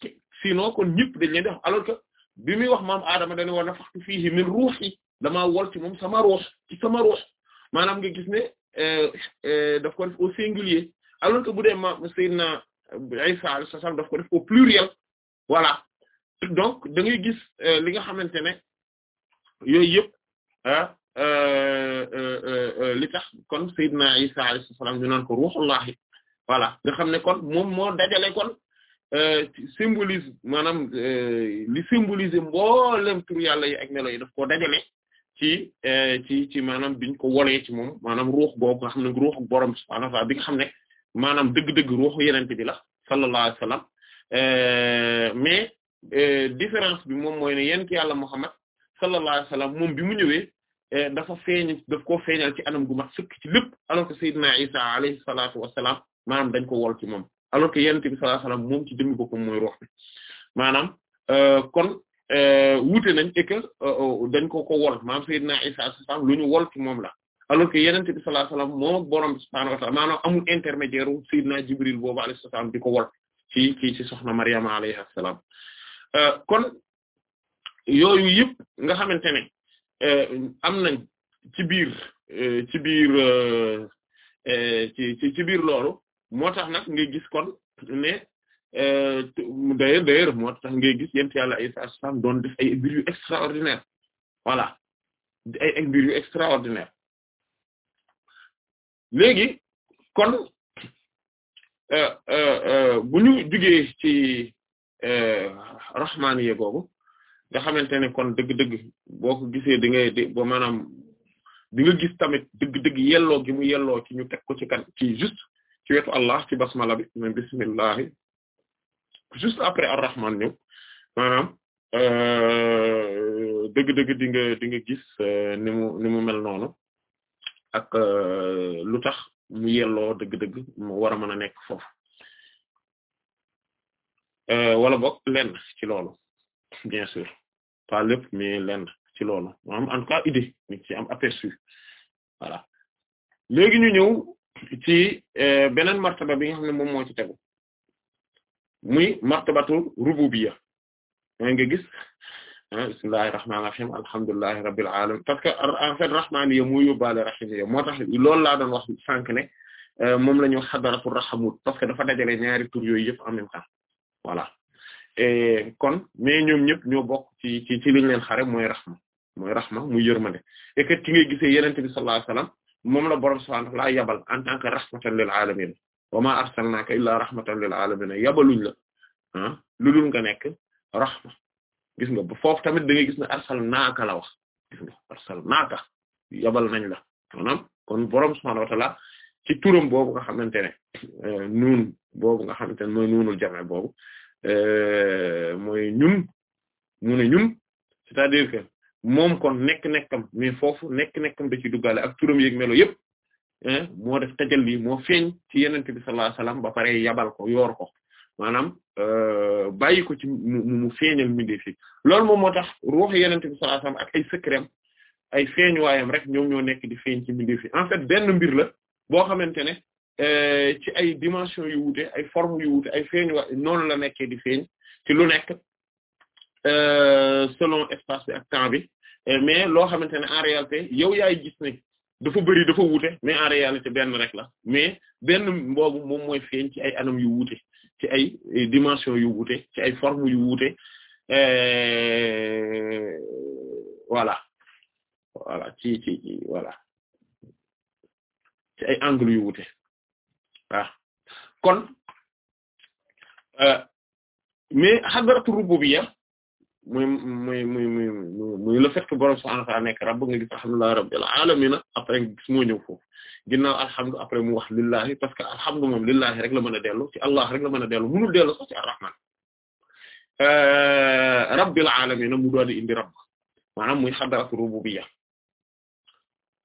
dañ leen di wax alors bi muy wax maam Adama dañu war a faxtu fiihi min ruuhi damaa wol ci moom sama ruux sama ruux maanaam nga gis ne euh, daf ko def au singulier alors que bu dee ma Seydina Isa alayhi salaam daf ko def au pluriel voilà donc da ngay gis euh, li nga xamante ne yooyu yëpp ah euh, euh, li tax kon Seydina Isa alayhi salaam ñu naan ko ruhullahi voilà nga xam ne kon moom moo dajale kon symbolisme maanaam li symboliser mboolem tur yàlla yi ak melo yi daf koo dajale ci ci ci maanaam biñ ko wolee ci moom maanaam ruux bo nga xam ne ruux ak borom subhaanahu wa bi nga xam ne. maanaam dëgg-dëgg ruuxu yenente bi la sallallahu alayhi wasallam euh, mais euh, différence bi moom mooy ne yent yàlla Muhammad sallallahu alayhi wasallam moom bi mu ñëwee euh, dafa feeñ daf koo feeñal ci anam gu mat sëkk ci lépp alors que Seydina Isa alayhi salaatu wassalaam maanaam dañ ko wol ci moom alors que yent bi sallallahu alayhi wasallam moom ci jëmmi boppam mooy ruux bi kon wuute nañ et dañ ko ko wol maanaam Seydina Isa sallallahu alayhi lu ñu wol ci moom la alors yeneen yenent bi sallallahu alayhi wasallam moom ak borom bi subhaanahu wa ta'ala maanaam amul Jibril boobu alayhi salaam di ko wol ci ci ci soxna Maryama alayhi salaam euh, kon yooyu yëpp nga xamante ne euh, am nañ ci biir euh, ci biir ci ci biir loolu moo tax nag ngay gis kon ne d'ailleurs d'ailleurs moo tax ngay gis yent yàlla ay salaam doon def ay mbir yu extraordinaire voilà ay ay yu extraordinaire léegi kon euh, euh, euh, bu ñu jugee ci rahmaaniya googu nga xamante ne kon dëgg-dëgg boo ko gisee di ngay di ba maanaam di gis tamit dëgg-dëgg yelloo gi mu yelloo ci ñu teg ko ci kan ci juste ci wetu Allah ci basmala bi mais bismillahi juste après ar-rahman ñëw maanaam dëgg-dëgg di nga di nga gis ni mu ni mu mel noonu ak euh, lu tax mu yelloo dëgg-dëgg mu war a mën a nekk foofu euh, wala boog lenn ci loolu bien sûr pas lépp mais lenn ci loolu maanaam en tout cas idée ni ci am aperçu voilà léegi ñu ñëw ci euh, beneen martaba bi nga xam ne moom moo ci tegu muy martabatu rububiyya nga gis Eh, bismillahir rahmanir rahim alhamdulillahi rabbil alamin parce que en fait rahmaan ya moo yóbbaale rahim ya moo tax loolu laa doon wax sànq ne eh, moom la ñu xadaratu rahamut parce que dafa dajale ñaari tur yooyu yëpp en même temps voilà kon mais ñoom ñëpp ñoo bokk ci ci ci liñ leen xare mooy rahma mooy rahma muy yërmande et que ci ngay gisee yenente bi sallallahu alayhi moom la borom subhanahu wa ta'ala yabal en tant que rahmatan lil alamin wa ma arsalnaka illa rahmatan lil alamin yabaluñ la ah lu dul nga nekk rahma gis nga ba foofu tamit da ngay gis ne arsalnaaka yabal nañ la maanaam kon borom subhaanahu wa ta'aala ci turam boobu nga xamante ne euh, nuun boobu nga xamante ne mooy nuunul jame boobu euh, mooy ñun mu ne ñun c'est-à-dire que moom kon nekk-nekkam mais foofu nekk-nekkam da ci duggaale ak turam yeeg melo yëpp moo def tajal lii moo feeñ ci yenente bi sallallahu ba pare yabal ko yoor ko maanaam euh, bàyyi ko ci mu mu feeñal mbindeef yi loolu moom moo tax ruux yenente bi sallallahu alayhi ak ay secret ay feeñuwaayam rek ñoom ñoo nekk di feeñ ci mbindeef yi en benn mbir la boo xamante ne euh, ci ay dimension yu wuute ay forme yu wuute ay feeñuwaay noonu la nekkee di feeñ ci lu nekk euh, selon espace bi ak temps bi mais loo xamante ne en réalité yow yaay gis ne dafa bëri dafa wuute mais en réalité benn rek la mais benn boobu moom mooy feeñ ci ay anam yu wuute ci ay dimension yu wuute ci ay forme yu wuute euh, voilà voilà ci ci ci voilà ci ay angle yu wuute waaw kon euh, mais hadratu rububiyya muy muy muy muy muy le fait que borom subhanahu wa ta'ala nekk nga gis alhamdulillahi rabbil alamin après gis moo ginnaaw alhamdu après mu wax lillahi parce que alhamdu moom lillahi rek la mën a dellu ci allah rek la mën a dellu munul dellu sax ci arrahman euh, rabbil alamin mu doon indi rabb maanaam muy xadaratu rububiyya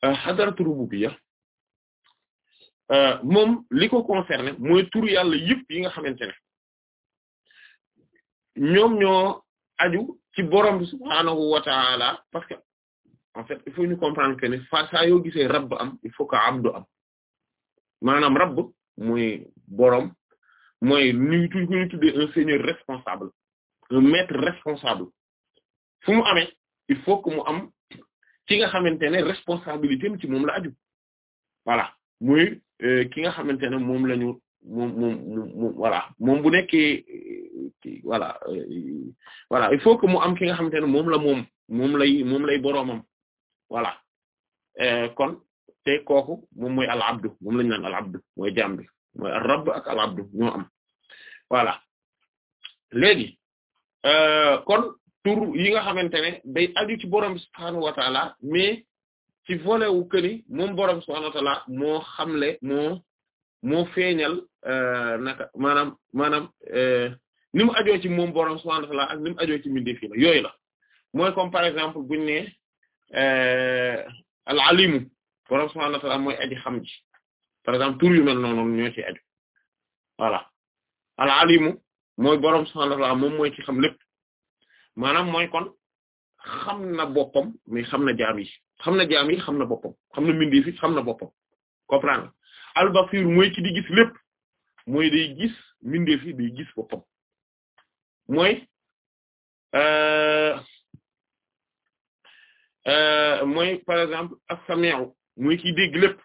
euh, xadaratu rububiyya euh, moom li ko concerné mooy turu yàlla yëpp yi nga xamante ne ñoom ñoo aju ci borom bi wa ta'ala parce que en fait il faut ñu comprendre que ne fa saa yoo gisee rabb am il faut que abdu am maanaam rabb mooy boroom mooy ni ku ñu un seigneur responsable un maître responsable fu mu amee il faut que mu am ki nga xamante ne responsabilité am ci moom la aju voilà muy euh, ki nga xamante ne moom la ñu moom moom moom voilà moom bu nekkee voilà euh, voilà il faut que mu am ki nga xamante ne moom la moom moom lay moom lay boromam voilà euh, kon te kooku moom mooy al abdu moom lañu naan al abdu mooy jaam bi mooy al ak al abdu ñoo am voilà léegi euh, kon tur yi nga xamante ne day aju ci borom subhaanahu wa taala mais ci volet wu këni moom borom subhaanahu wa taala moo xamle moo moo feeñal euh, naka maanaam maanaam ni mu ajoo ci moom borom subhaanahu wa taala la yooyu la mooy comme par exemple buñ ne Euh, al alimu borom subhanahu wa ta'ala mooy aji xam ji par exemple tur yu mel noonu ñoo ci aju voilà al alimu mooy borom subhanahu wa ta'ala moom mooy ki xam lépp maanaam mooy kon xam na boppam mais xam na jaam xam na jaam xam na boppam xam na mbindi na boppam comprendre al basir ki di gis lépp mooy day gis mbindi fi day gis boppam mooy. Euh, Euh, mooy par exemple as-sami'u muy kiy dégg lépp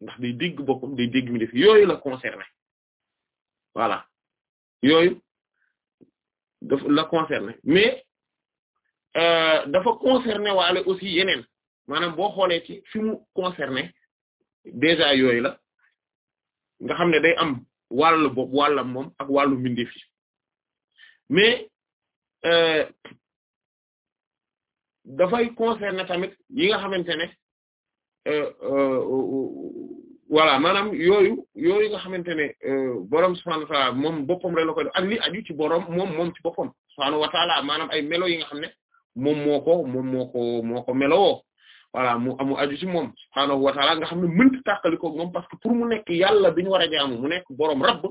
ndax day dégg boppam day dégg mi def yooyu la concerné voilà yooyu dafa la concerné mais euh, dafa concerné waale aussi yeneen maanaam boo xoolee ci fi mu concerné déjà yooyu la nga xam ne day am wàllu bopp wàllam moom ak wàllu mbindeef yi mais euh, dafay concerner tamit yi nga xamante ne euh, euh, voilà maanaam yooyu yooyu nga xamante ne euh, borom subhaanahu wa ta'aala moom boppam rek la koy def ak li aju ci borom moom moom ci boppam subhaanahu wa ta'aala maanaam ay melo yi nga xam ne moom moo ko moom moo ko moo ko meloo voilà mu amu aju ci moom subhaanahu wa ta'aala nga xam ne mënut a tàqali ko parce que pour mu nekk yàlla bi ñu war a jaamu mu nekk borom rab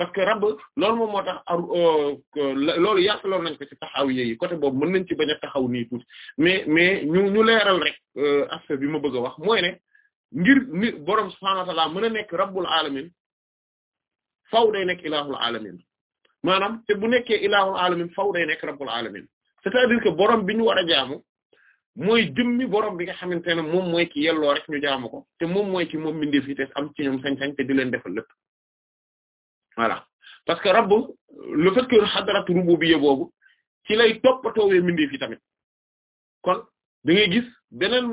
parce que rabb loolu moom moo tax euh, loolu yaataloon nañ ko ci taxawiye yi côté boobu mën nañ ci bañ a taxaw nii tuuti mais mais ñu ñu leeral rek euh, aspect bi ma bëgg a wax mooy ne ngir ni boroom subhaanahu wa ta'aala mën a nekk rabbul alamin faw day nekk ilaahul alamin maanaam te bu nekkee ilaahul alamin faw day nekk rabbul alamin c'est-à-dire que boroom bi ñu war a jaamu mooy jëmmi borom bi nga xamante ne moom mooy ki yelloo rek ñu jaamu ko te moom mooy ki moom mbindeef yi te am ci ñoom sañ di leen defal voilà parce que rabb le fait que xadarat rububiyya boobu ci lay toppatoowee mbindeef yi tamit kon da ngay gis beneen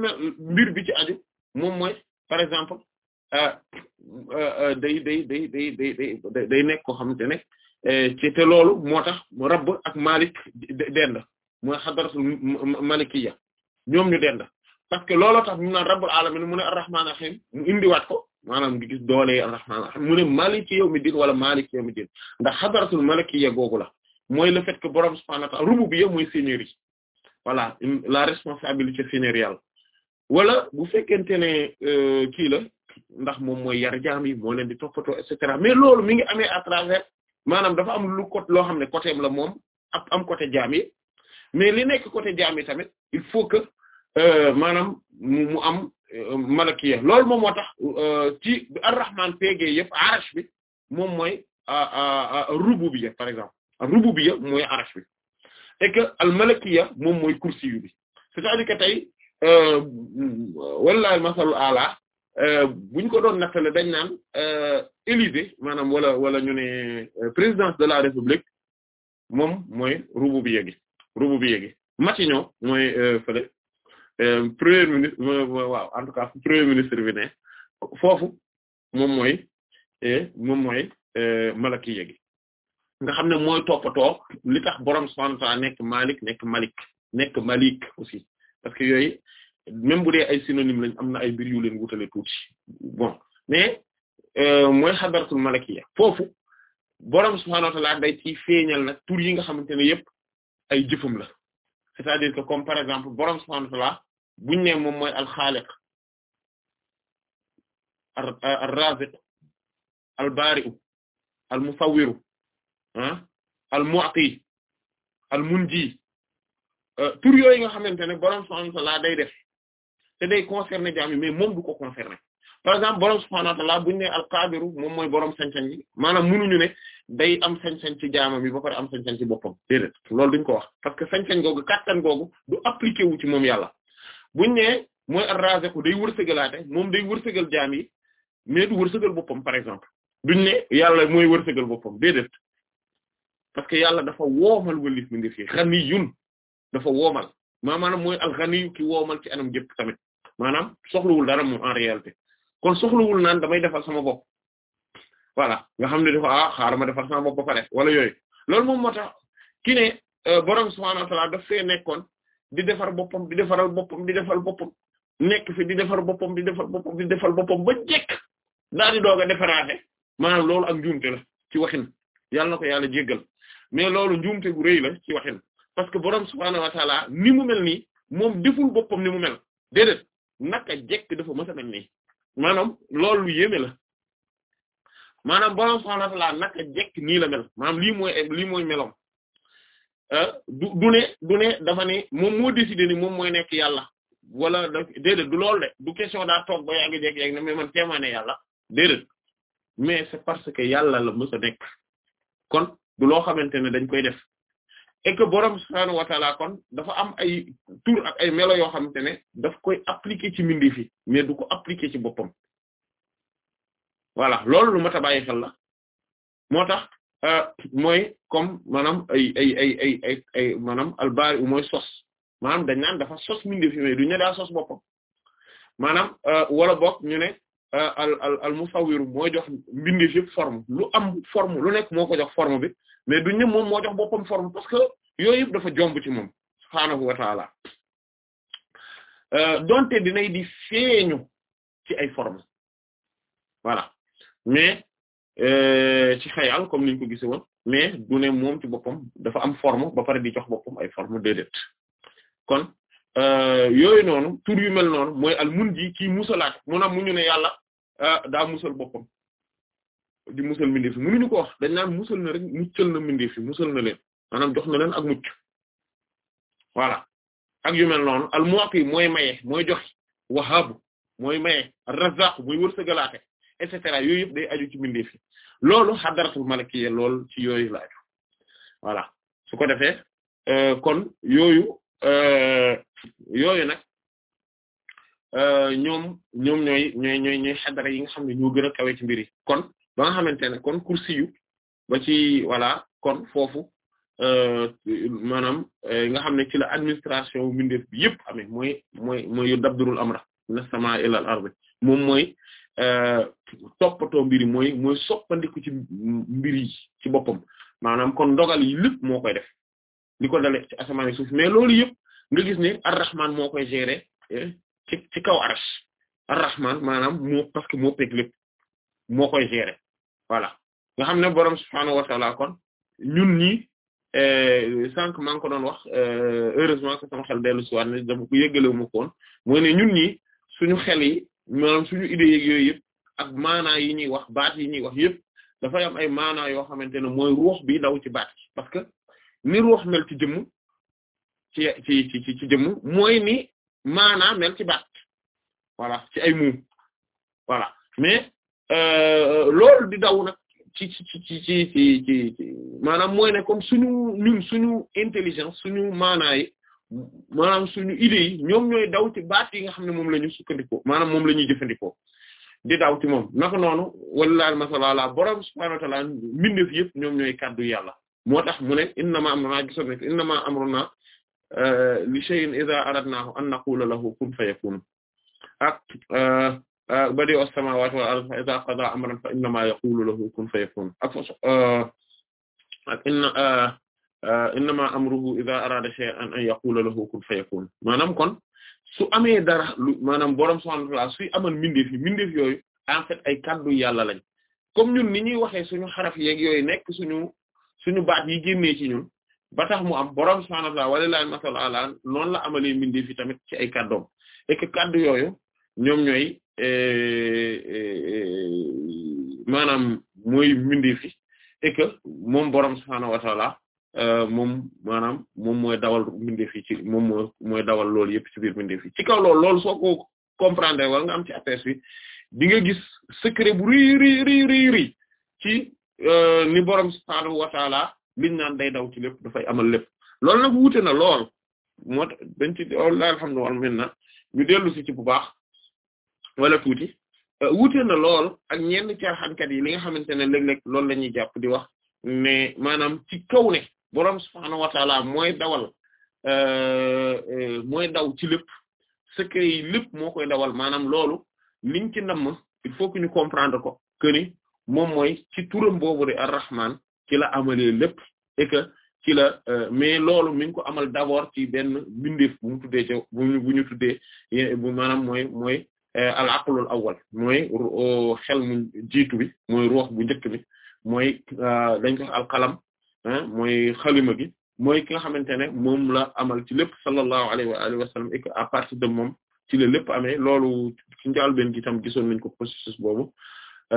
mbir bi ci aju moom mooy par exemple euh, euh, euh, day day day day day day day nekk koo xamante ne ci te loolu moo tax rabb ak malik dend mooy xadaratul malikiyya ñoom ñu dend parce que looloo tax mu naan rabbul alamin mu ne arrahmaanir rahiim mu indiwaat ko maanaam di gis doole yi arrahmaan mu ne maaliki yawmi diin wala maaliki yawmi diin ndax xadaratul malakiyya googu la mooy la fait que borom subhaanahu wa ta'aala rubu bi yëpp mooy seigneurie la responsabilité seigneuriale wala bu fekkente ne euh, kii la ndax moom mooy yar jaam yi moo leen di toppatoo et mais loolu mi ngi amee à travers maanaam dafa am lu côté loo xam ne côté la moom am côté jaam yi mais li nekk côté jaam tamit il faut que Euh, maanaam mu am euh, malakiya loolu moom moo tax euh, ci ar-rahman pegee yëpp arash bi moom mooy rububiyya par exemple rububiyya mooy arash bi et que al malakiya moom mooy kursi yu bi c'est-à-dire que tey wallaahi masalu ala bu ñu ko doon nattale dañ naan Élysée maanaam wala wala ñu ne présidence de la république moom mooy rububiyya gi rububiyya gi Matignon mooy Euh, premier ministre euh, euh, waaw en tout cas fu premier ministre bi ne foofu moom mooy eh, moom mooy malakiya gi nga xam ne mooy toppatoo li tax borom subhanahu wa ta'ala nekk Malik nekk Malik nekk aussi parce que yooyu même bu ay synonyme lañ am na ay mbir yu leen wutale tuuti bon mais mooy xadaratul malakiya foofu borom subhanahu wa ta'ala day ci feeñal nag tur yi nga xamante ne yëpp ay jëfam la c'est-à-dire que comme par exemple borom subhanahu ta'ala buñ ne moom mooy alxaaliq ar-raziq al-bari'u al-musawwiru ah al-mu'ti al-munji euh, tur yooyu nga xamante ne borom subhanahu wa ta'ala day def te day concerner jaam yi mais moom du ko concerner par exemple borom subhanahu wa ta'ala buñ ne al-qadiru moom mooy borom sañ-sañ yi maanaam munuñu ne day am sañ-sañ ci jaamam yi ba pare am sañ-sañ ci boppam déedéet loolu duñ ko wax parce que sañ-sañ googu kàttan googu du appliqué wu ci moom yàlla. buñ nee mooy ar-raziqu day wërsëgalaate moom day wërsëgal jaam yi mais du wërsëgal boppam par exemple duñ ne yàlla mooy wërsëgal boppam déedéet parce que yàlla dafa woomal wëlif mi ndir fi ghaniyun dafa woomal maanaam mooy al-ghaniyu ki woomal ci anam jëpp tamit maanaam soxlawul dara moom en réalité kon soxlawul naan damay defal sama bopp voilà nga xam ne dafa ah xaaral ma defal sama bopp ba pare wala yooyu loolu moom moo tax ki ne euh, borom subhaanahu wa ta'aala daf fee nekkoon di defar boppam di defaral boppam di defal boppam nekk fi di defar boppam di defar boppam di defal boppam ba jekk daal di doog a defaraate maanaam loolu ak njuumte la ci waxin yàlla na ko yàlla jéggal mais loolu njuumte gu rëy la ci waxin parce que borom subhaanahu wa taala ni mu mel nii moom deful boppam ni mu mel déedéet naka jekk dafa mës a mel nii maanaam loolu lu yéeme la maanaam borom subhaanahu wa taala naka jekk nii la mel maanaam lii mooy lii mooy meloom Euh, du du ne du ne dafa ne moom moo décidé ni moom mooy nekk yàlla wala déedéet du loolu de du question daa toog ba yàgg jekk yàgg ne mais man téeméer ne yàlla déedéet mais c'est parce que yàlla la mës a nekk kon du loo xamante ne dañ koy def et que borom subhaanahu wa kon dafa am ay tur ak ay melo yoo xamante ne daf koy appliquer ci mindi fi mais du ko appliquer ci boppam voilà loolu lu mat a bàyyi xel la moo Euh, mooy comme maanaam ay ay ay ay ay ay maanaam albari mooy sos maanaam dañ naan dafa sos mbindeef yi mais duñ ne daa sos boppam maanaam euh, wala bokk ñu ne euh, al al al musawwir mooy jox mbindeef yëpp forme lu am form lu nekk moo ko jox form bi mais duñ ne moom moo jox boppam form parce que yooyu yëpp dafa jomb ci moom subhaanahu wa ta'ala donte dinay di feeñu ci ay forme voilà mais Euh, ci xayal comme niñ ko gise woon mais du ne ci boppam dafa am formu ba pare di jox boppam ay forme déedéet kon euh, yooyu noonu tur yu mel noonu mooy al mun ji kii musalaat mu na mu ñu ne yàlla ah, daa musal boppam di musal mbindeef yi mënuñu ko dañ naan musal na rek muccal na mbindeef fi musal na leen maanaam jox na leen ak mucc voilà ak yu mel noonu al ki mooy maye mooy joxe wahaabu mooy maye ar-razzaq mooy wërsëgalaate et cetera yooyu yëpp day aju ci mbindeef yi loolu xadaratul malakiyya lool ci yooyu la aju voilà su ko defee euh, kon yooyu euh, yooyu nag euh, ñoom ñoom ñooy ñooy ñooy ñooy xadara yi nga xam ne ñoo gën a kawe ci mbir yi kon ba nga xamante ne kon kursi yu ba ci voilà kon foofu maanaam nga xam ne ci la administration wu mbindeef bi yëpp amee mooy mooy mooy yu dabdurul amra mina sama ilal ardi moom mooy Euh, toppatoo mbir yi mooy mooy soppandiku ci mbir ci boppam maanaam kon ndogal yi lépp moo koy def li ko dale ci asamaan suuf mais loolu yëpp nga gis ne ar-rahman moo koy gérer eh, ci ci kaw arash ar-rahman maanaam moo parce que moo pegg lépp koy gérer voilà nga xam ne borom subhaanahu wa ta'ala kon ñun ñi eh, sànq maa ngi ko doon wax eh, heureusement que sama xel dellu si waat ne dama ko yëgalewu ma ko woon mooy ne ñun ñi suñu xel yi. maanaam suñu idée yeeg yooyu yëpp ak maanaa yi ñuy wax baat yi ñuy wax yëpp dafay am ay maanaa yoo xamante ne mooy ruux bi daw ci baat parce que ni ruux mel ci jëmm ci ci ci ci jëmm mooy ni maanaa mel ci baat voilà ci ay muum voilà mais lool di daw nag ci ci ci ci ci maanaam mooy ne comme suñu ñun suñu intelligence suñu maanaa yi maanaam suñu idée yi ñoom ñooy daw ci baat yi nga xam ne moom lañu ñu sukkandikoo maanaam moom la ñuy jëfandikoo di daw ci moom naka noonu wallaahi masalala borom subhaanahu wa ta'aala mbindeef yëpp ñoom ñooy kaddu yàlla moo tax mu ne innama amruna a ne innama amruna euh, li shay'in idha aradnahu an naqula lahu kun fayakun ak euh, euh, badi'u Euh, innama amruhu idha arada shay'an an yaqula lahu kun fayakun maanaam kon su amee dara lu maanaam borom subhanahu wa ta'ala suy amal mindeef yi mindeef yooyu en ay kaddu yàlla lañ comme ñun ni ñuy waxee suñu xaraf yeeg yooyu nekk suñu suñu baat yi génnee ci ñun ba mu am borom subhanahu wa ta'ala walillahi masal la noonu la amalee mindeef yi tamit ci ay kaddoom et que kaddu yooyu ñoom ñooy euh, euh, maanaam mooy mindeef yi et que moom borom subhanahu wa ta'ala Euh, moom maanaam moom mooy dawal mbindeef yi ci moom moo mooy dawal loolu yëpp ci biir mbindeef yi ci kaw loolu loolu soo ko comprendre wala nga am ci aperçu bi di nga gis secret bu ri ri ri ci euh, ni borom subhaanahu wa liñ naan day daw ci lépp dafay amal lépp loolu nag wuute na lool moo tax dañ ci la alhamdulilah mel na ñu dellu si ci bu baax wala tuuti euh, wuute na lool ak ñenn caaxaankat yi li nga xamante ne léeg-léeg loolu la ñuy jàpp di wax ne maanaam ci kaw ne boroom subhaanahu wa taala mooy dawal euh, euh, mooy daw ci lépp secret yi lépp moo koy dawal maanaam loolu liñ ci namm il faut que ñu comprendre ko que ni moom mooy ci turam boobu de rahman ci la amalee lépp et que ci la euh, mais loolu mi ngi ko amal d'abord ci benn bindeef bu mu tuddee ca bu ñu tuddee eh, bu maanaam mooy mooy al awal awwal mooy xel mu jiitu bi mooy ruux bu njëkk bi mooy dañ ko alkalam mooy xalima gi mooy ki nga xamante ne moom la amal ci lépp sallallahu alayhi wa alihi wa de moom ci la lépp amee loolu ci njàlbéen gi tam gisoon nañ ko processus boobu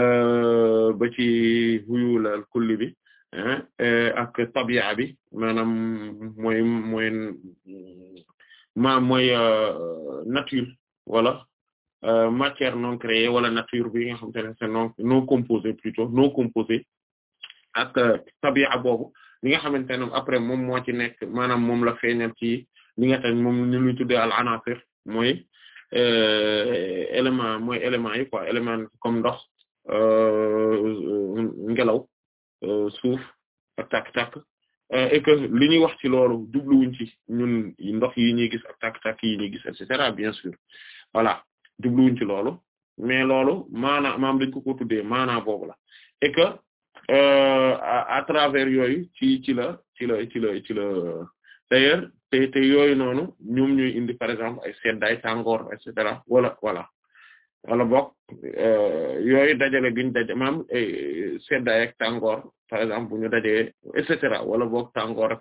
euh, ba ci huyulal kulli bi euh, ak tabia bi maanaam mooy mooy ma mooy euh, nature wala matière non créée wala nature bi nga xamante ne non composé plutôt non composé ak euh, tabi'a boobu li nga xamante ne après moom moo ci nekk maanaam moom la feeñal ci li nga xam moom ni ñuy tuddee al anasir mooy euh, élément mooy élément yi quoi élément comme ndox euh, ngelaw suuf ak tàkk-tàkk et que li ñuy wax ci loolu jubluwuñ ci ñun ndox yi ñuy gis ak tàkk yi ñuy gis et cetera bien sûr voilà jubluwuñ ci loolu mais loolu maanaam maam dañ ko ko tuddee maanaam boobu la a euh, travers yooyu ci ci la ci la ci la ci la d'ailleurs te te yooyu noonu ñoom ñuy indi par exemple ay seddaay tàngoor et cetera wala wala wala bokk euh, yooyu dajale biñ daje maam seddaay tàngoor par exemple bu ñu dajee et cetera wala bokk tàngoor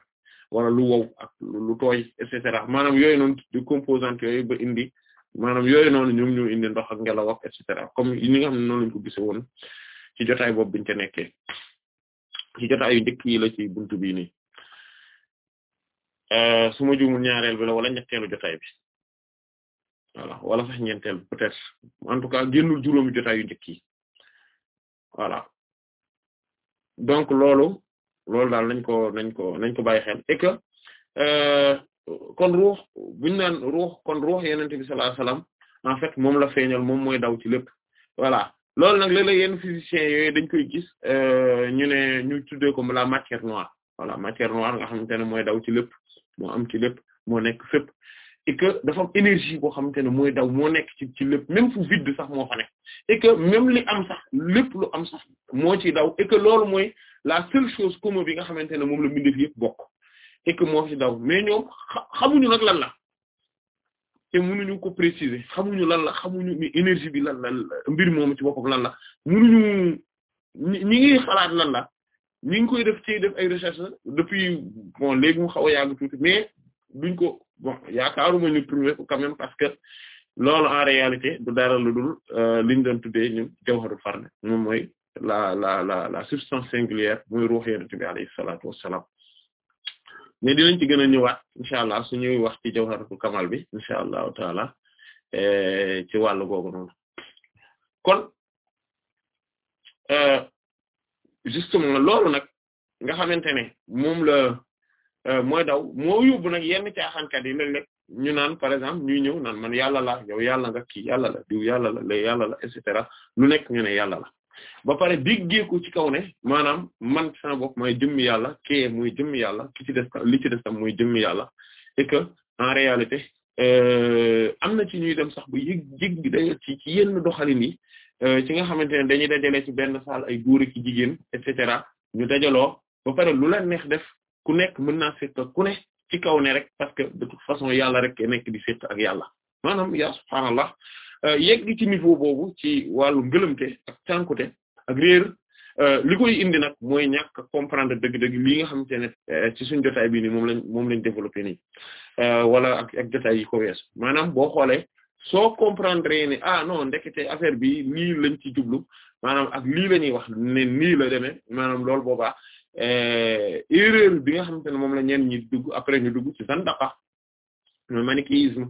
wala lu wow ak lu tooy et cetera maanaam yooyu noonu di composante yooyu ba indi maanaam yooyu noonu ñoom ñoo indi ndox ak ngelaw ak et cetera comme ñi nga xam ne noonu lañ ko gisee woon ci jotaay boobu biñ ca nekkee ci jotaayu njëkk la ci buntu bii nii euh, su ma juumul ñaareel bi la wala ñetteelu jotaay bi voilà wala sax ñeenteel peut-être en tout cas génnul juróomi jotaayu njëkk yi donc loolu loolu daal nañ ko nañ ko nañ ko bàyyi xel et euh, kon ruux buñu naan ruux kon ruux yenente bi sallallahu en fait moom la feeñal moom mooy daw ci lépp voilà loolu nag léeg-léeg yenn physiciens yooyu dañ koy gis euh, ñu ne ñu tuddee ko la matière noire voilà matière noire nga xamante ne mooy daw ci lépp moo am ci lépp moo nekk fépp et que dafa am énergie boo xamante ne mooy daw moo nekk ci ci lépp même fu vide sax moo fa nekk et que même li am sax lépp lu am sax moo ci daw et que loolu mooy la seule chose commune bi nga xamante ne moom la mbindeef yëpp bokk et que moo ci daw mais ñoom xamuñu nag lan la te mënuñu ko préciser xamuñu lan la xamuñu ni énergie bi lan la mbir moomu ci boppam lan la mënuñu ñi ngi xalaat lan la ñi ngi koy def ci def ay recherche depuis bon léegi mu xaw a yàgg tuuti mais duñ ko bon yaakaaruma ñu trouver ko quand que loolu en réalité du dara lu dul euh, liñ doon tuddee ñun jawharul farne moom mooy la la la la substance singulière muy ruux yonent bi alayhi salaatu wassalaam mais dinañ ci gën a ñëwaat incha allah suñuy wax ci jawharatul kamal bi incha allahu taala e, ci wàllu googu noonu kon e, justement loolu nag nga xamante ne moom la e, mooy daw moo yóbbu nag yenn caaxaankat yi léeg-léeg ñu naan par exemple ñuy ñëw naan man yàlla la yow yàlla nga kii yàlla diw yàlla la lee yàlla la et cetera lu nekk ñu ne yàlla la ba pare diggeeku ci kaw ne maanaam man sama bopp mooy jëmmi yàlla kii muy jëmmi yàlla ki ci des li ci des tam muy jëmmi yàlla et que en réalité euh, am na ci ñuy dem sax bu yëg yëg dayo ci ci yenn doxalin yi euh, ci nga xamante ne dañuy dajale ci benn saal ay góor ak jigéen et cetera ñu dajaloo ba pare lu la neex def ku nekk mën naa fekk ku ne ci kaw ne rek parce de toute façon yàlla rek nekk di fekk ak yàlla maanaam yaa subhaanallah Euh, yegg ci niveau boobu ci wàllu ngëlëmte ak cànkute ak réer euh, li koy indi nag mooy ñàkk comprendre dëgg-dëgg lii nga xamante ne euh, ci suñ jotaay bi nii moom lañ moom lañ développé nii wala ak ak yi ko wees maanaam boo xoolee soo comprendre ni a ah non ndekete affaire bi lii lañ ci jublu maanaam ak lii la ñuy wax ne nii la demee maanaam loolu boobaa erreur bi nga xamante ne moom la ñenn ñi dugg après ñu dugg ci zandaqa mooy manichéisme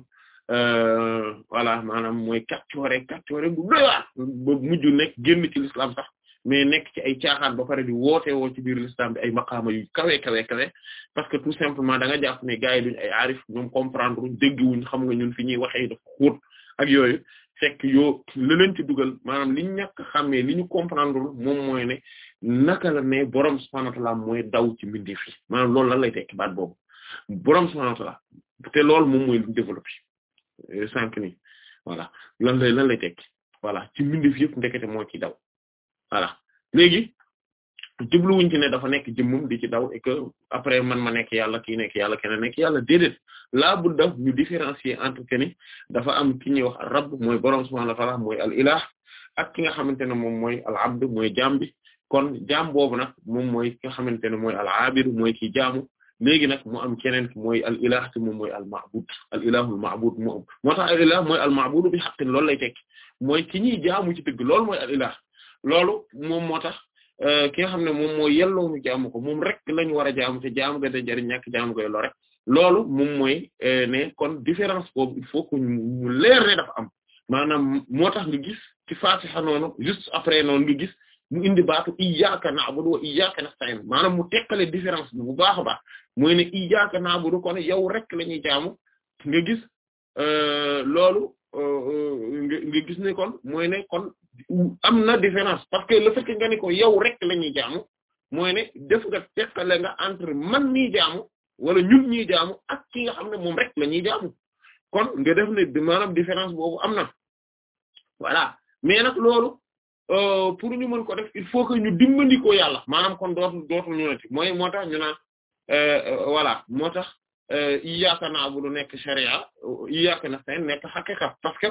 Euh, voilà maanaam mooy kàccoore kàccoore bu doy waar ba mujj nekk génn ci l'islam sax mais nekk ci ay caaxaan ba pare di woote woo ci biir l'islam bi ay maqaama yu kawe kawe kawe parce que tout simplement da nga jàpp ne gars yi duñ ay aarif ñoom comprendre luñ dégg xam nga ñun fi ñuy waxee dafa ak yooyu fekk yoo li leen ci dugal maanaam liñ ñàkk xàmmee li ñu comprendre moom mooy ne naka la ne borom subhaanahu wa mooy daw ci mbindeef yi maanaam loolu lan lay tekki baat boobu borom subhaanahu wa te loolu moom mooy luñ développé. sànq euh, ni voilà lan lay lan lay tekki voilà ci mbindeef yëpp ndekete moo ci daw voilà léegi jubluwuñ ci ne dafa nekk jëmmum di ci daw et que après man ma nekk yàlla kii nekk yàlla keneen nekk yàlla déedéet laa bu daf ñu différencier entre que ni dafa am ki ñuy wax rabb mooy boroom subhaanahu wa ta'aala mooy al ilah ak ki nga xamante ne moom mooy al abd moy jaam kon jaam boobu nag moom mooy ki xamante ne mooy al abid mooy ki jaamu léegi nag mu am keneen mooy al ilah moom mooy al ma'bud al ilahul ma'bud moo moo tax al ilah mooy al ma'bud bi haqqin loolu lay tekki mooy ki ñuy jaamu ci dëgg loolu mooy al ilah loolu moom moo tax euh, ki nga xam ne moom mooy yelloo ñu jaamu ko moom rek lañ war a jaamu te jaamu ga da jariñ ñàkk jaamu koy lore loolu moom mooy euh, ne kon différence boobu il faut que mu leer ne dafa am maanaam moo tax nga gis ci Fatiha noonu juste noonu nga gis mu indi baatu iyyaka na'budu wa iyyaka nasta'in mu tekkale différence bi bu baax a baax mooy ne iyyaka na'budu kon yow rek la ñuy jaamu nga gis euh, loolu euh, euh, nga gis ne kon mooy ne kon am na différence parce que le fait que nga ni ko yow rek la ñuy jaamu mooy ne def nga teqale nga entre man nii jaamu wala ñun ñii jaamu ak ki nga xam ne moom rek la ñuy jaamu kon nga def ne maanaam différence boobu am na voilà mais nag loolu pour ñu mën ko def il faut que ñu dimbali ko yàlla maanaam kon dootul dootul ñu ne ci mooy Euh, voilà moo tax euh, iyyaka na'budu nekk sharia iyyaka nasta'in nekk haqiqa parce que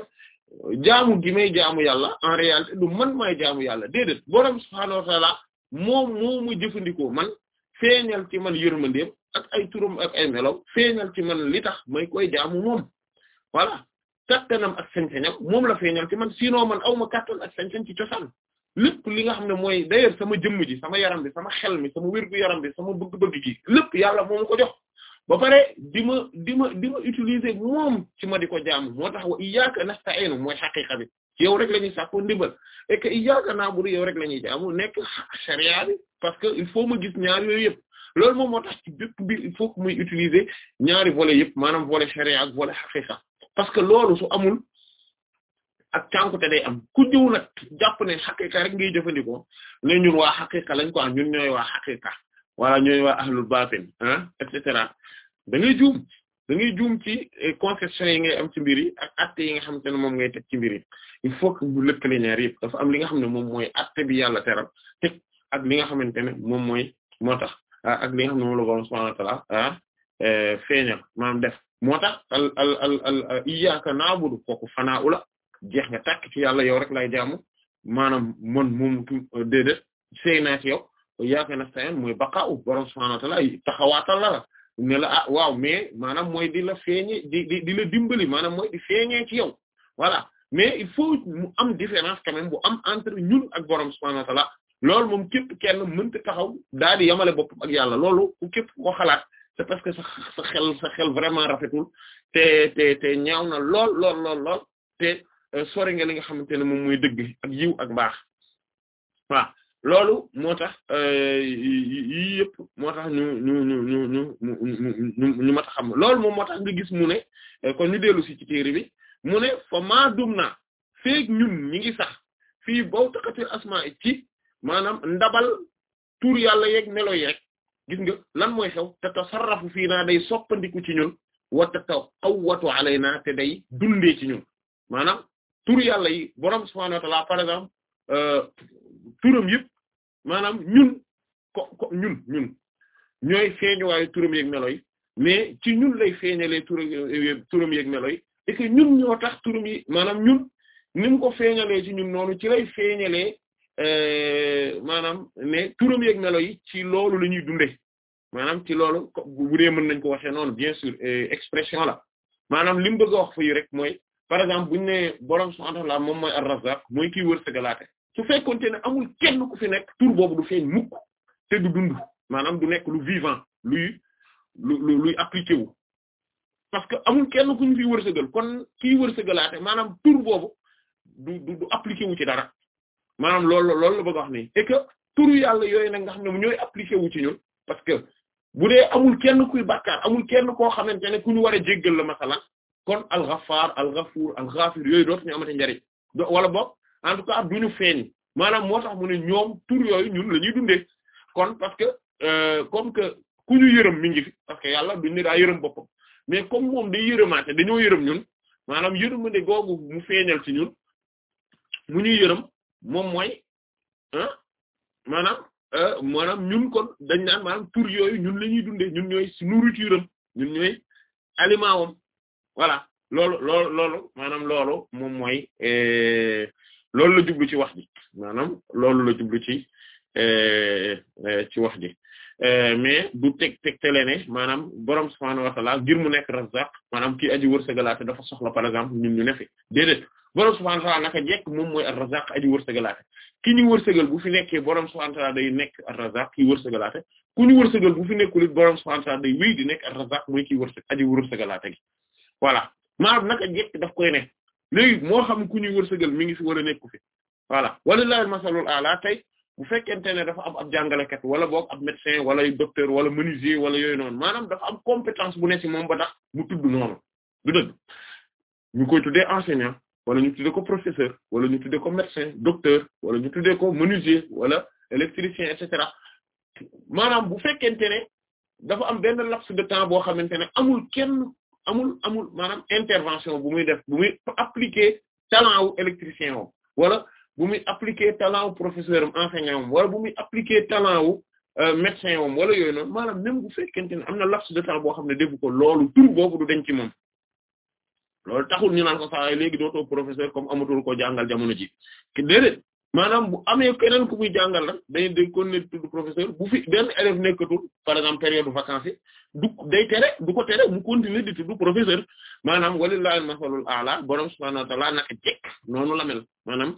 jaamu gi may jaamu yàlla en réalité du man may jaamu yàlla déedéet borom subhaanahu wa ta'ala moom mu jëfandikoo man feeñal ci man yërmandeem ak ay turam ak ay melow feeñal ci man li tax may koy jaamu moom voilà kattanam ak sañ-sañam moom la feeñal ci man sinon man awma kattan ak sañ-sañ ci cosaan lépp li nga xam ne mooy d'ailleurs sama jëmm ji sama yaram bi sama xel mi sama wér gu yaram bi sama bëgg-bëgg ji lépp yàlla moo ko jox ba pare di ma di ma di ma utiliser moom ci ma di ko jaamu moo tax wa iyyaka nasta'inu mooy xaqiqa bi yow rek la ñuy sàkku ndimbal et que iyyaka na'budu yow rek la ñuy jaamu nekk sharia bi parce que il faut ma gis ñaar yooyu yëpp loolu moom moo tax ci bi il muy utiliser ñaari volets yëpp maanaam volet sharia ak volet xaqiqa parce que loolu su amul ak da day am ku jiw nag jàpp ne xaqiqa rek ngay jëfandikoo ne ñun waa xaqiqa lañ ko am ñun ñooy waa xaqiqa wala ñooy waa ahlul batin ah et cetera da ngay juum da ngay juum ci eh, conception yi ngay am ci mbir yi ak atte yi nga xamante ne moom ngay teg ci mbir yi il faut que mu am li nga xam ne moom mooy yàlla teral teg nga xamante ne moom mooy moo tax ah, ak li nga xam ah, eh, moo tax al al al al iyyaka na'budu kooku fanaa ula jeex na tàkk ci yàlla yow rek lay jaamu maanaam man moom euh, déedéet sey naa ci yow yaakaar na sa mooy baqa'u borom subhaanahu wa ta'aala taxawaatal la ah, waaw mais maanaam mooy di la feeñee dimbali maanaam mooy di feeñee ci yow voilà mais il faut mu am différence quand même bu am entre ñun ak borom subhaanahu wa ta'aala loolu moom képp kenn mënta taxaw daal di yamale boppam ak yàlla loolu ku képp ko xalaat c'est parce que sa sa xel sa xel vraiment te te te ñaaw na lool lool lool te. Euh, sori nga li nga xamante ne moom mooy dëgg ak yiw ak baax waaw loolu moo tax euh, yii yëpp moo tax ñu ñu ñu ñu xam loolu moom moo tax nga gis mu ne euh, kon ñu dellu si ci téere bi mu ne fa dum naa feeg ñun ñi ngi sax fii boo taqatil asmaa ci maanaam ndabal tur yàlla yeeg melo yi rek gis nga lan mooy xew te tasarrafu fii naa day soppandiku ci ñun wa tataqawwatu alayna te day dundee ci ñun maanaam tur yàlla yi borom subhaanahu wa ta'aala par exemple euh, turam yëpp maanaam ñun ko ko ñun ñun ñooy feeñuwaayu turam yeeg melo yi mais ci ñun lay feeñalee turam euh, turam yeeg melo yi et que ñun ñoo tax turam yi maanaam ñun ni mu ko feeñalee ci ñun noonu ci lay feeñalee euh, maanaam ne turam yeeg melo yi ci loolu la ñuy dundee maanaam ci loolu ko dee mën nañ ko waxee noonu bien sûr expression la maanaam li mu bëgg a wax rek mooy. par exemple bu ñu nee borom subhaanahu wa ta'aala moom mooy ar-Razzaaq mooy kiy wërsëgalaate su fekkoonte ne amul kenn ku fi nekk tur boobu du feeñ mukk te du dund maanaam du nekk lu vivant luy lu luy appliqué wu. parce que amul kenn ku ñu fi wërsëgal kon kiy wërsëgalaate maanaam tur boobu du du du appliqué wu ci dara maanaam loolu loolu la bëgg a wax nii que turu yàlla yooyu nag nga xam ne mu ñooy appliqué wu ci ñun parce que bu dee amul kenn kuy bàkkaar amul kenn koo xamante ne ku ñu war a jéggal la masalan kon al-Ghaffar al-Ghafur al-Ghafir yooyu dootuñu amati njariñ wala boog en tout cas duñu feeñ maanaam moo tax mu ne ñoom tur la ñuy dundee kon parce que euh, comme que ku ñu yërëm parce que yàlla duñ ne daa yërëm boppam mais comme moom day yërëmaate dañoo yërëm ñun maanaam yërëmande googu mu feeñal ci ñun mu ñuy yërëm moom mooy ah maanaam euh, maanaam ñun kon dañ naan maanaam tur yooyu ñun la ñuy dundee ñun ñooy nourriture am ñun ñooy aliment am voilà loolu loolu loolu maanaam loolu moom mooy euh, loolu la jublu ci wax ji maanaam loolu la jublu ci euh, euh, ci wax ji mais du teg teg tele borom subhaanahu wa ta'ala ngir mu nekk razzaq maanaam kii aji wërsëgalaate dafa soxla par exemple ñun ñu ne fi déedéet borom subhaanahu wa ta'ala naka jekk moom mooy ar-razzaq aji wërsëgalaate ki ñu wërsëgal bu fi nekkee borom subhaanahu wa ta'ala nekk ar-razzaq ki wërsëgalaate ku ñu wërsëgal bu fi nekkul it borom subhaanahu wa ta'ala day wéy di nekk ar-razzaq mooy ki wërsëg aji wërsëgalaate gi voilà maanaam a jekk daf koy ne léegi moo xam ku ñuy wërsëgal mi ngi fi wala nekku fi voilà walillahi masalul ala tey bu fekkente ne dafa am ab jàngalekat wala boog ab médecin wala docteur wala menuisier wala yooyu noonu maanaam dafa am compétence bu ne ci moom ba tax mu tudd noonu du dëgg ñu koy tuddee enseignant wala ñu tuddee ko professeur wala ñu tuddee ko médecin docteur wala ñu tuddee ko menuisier wala électricien et cetera maanaam bu fekkente ne dafa am benn laps de temps boo xamante ne amul kenn amul amul maanaam intervention bu muy def bu muy appliquer talent wu électricien wala bu muy appliquer talent wu professeur am enseignant am wala bu muy appliquer talent wu euh, médecin am wala yooyu noonu maanaam même bu fekkente ne am na laps de temps boo xam ne defu ko loolu tur boobu du denc ci moom loolu taxul ñu naan ko léegi dootoo professeur comme amatul ko jàngal jamono ji maanaam bu amee keneen ku muy jàngal nag day day continuer tudd professeur bu fi benn élève nekkatul par exemple période vacances yi du day tere du ko tere mu continuer di tudd professeur maanaam walillahi al-masalul a'la borom subhaanahu wa ta'aala naka jekk noonu la mel maanaam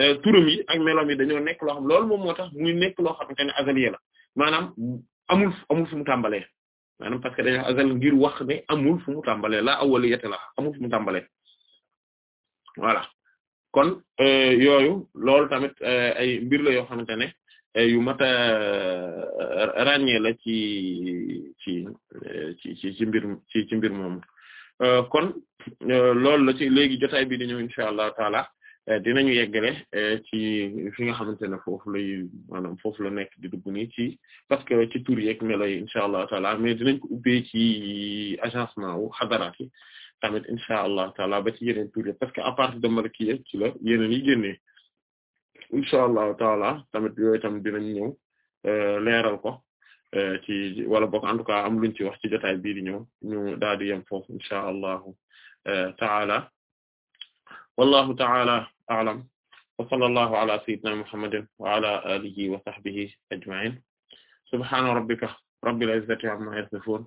euh, turam yi ak meloom yi dañoo nekk loo xam loolu moom moo tax muy nekk loo xamante ne azaliya la maanaam amul amul fu mu tàmbalee maanaam parce que dañoo azal ngir wax ne amul fu mu tàmbalee la awwaliyata la amul fu mu tàmbalee voilà. kon euh, yooyu loolu tamit euh, ay mbir la yoo xamante ne euh, yu mat a la ci ci ci ci mbir ci ci mbir moomu kon loolu la ci léegi jotaay bi di ñëw incha allah taala dinañu yeggale ci fi nga xamante ne foofu lay maanaam foofu la nekk di dugg nii ci parce que ci tur yeeg melo yi incha allah taala mais dinañ ko ubbee ci agencement wu xadaraat yi tamit incha allah taala ba ci yeneen tur parce que à de Malikiya ci la yeneen yi génnee incha allah taala tamit yooyu tamit dinañ ñëw euh, leeral ko euh, ci wala bokk en am luñ ci wax ci jotaay bii di ñëw ñu daal di yem foofu incha allahu euh, taala wallahu taala a'lam wa sallallahu ala sayyidina muhammadin wa ala alihi wa sahbihi ajma'in subhana rabbika rabbil izzati amma yasifun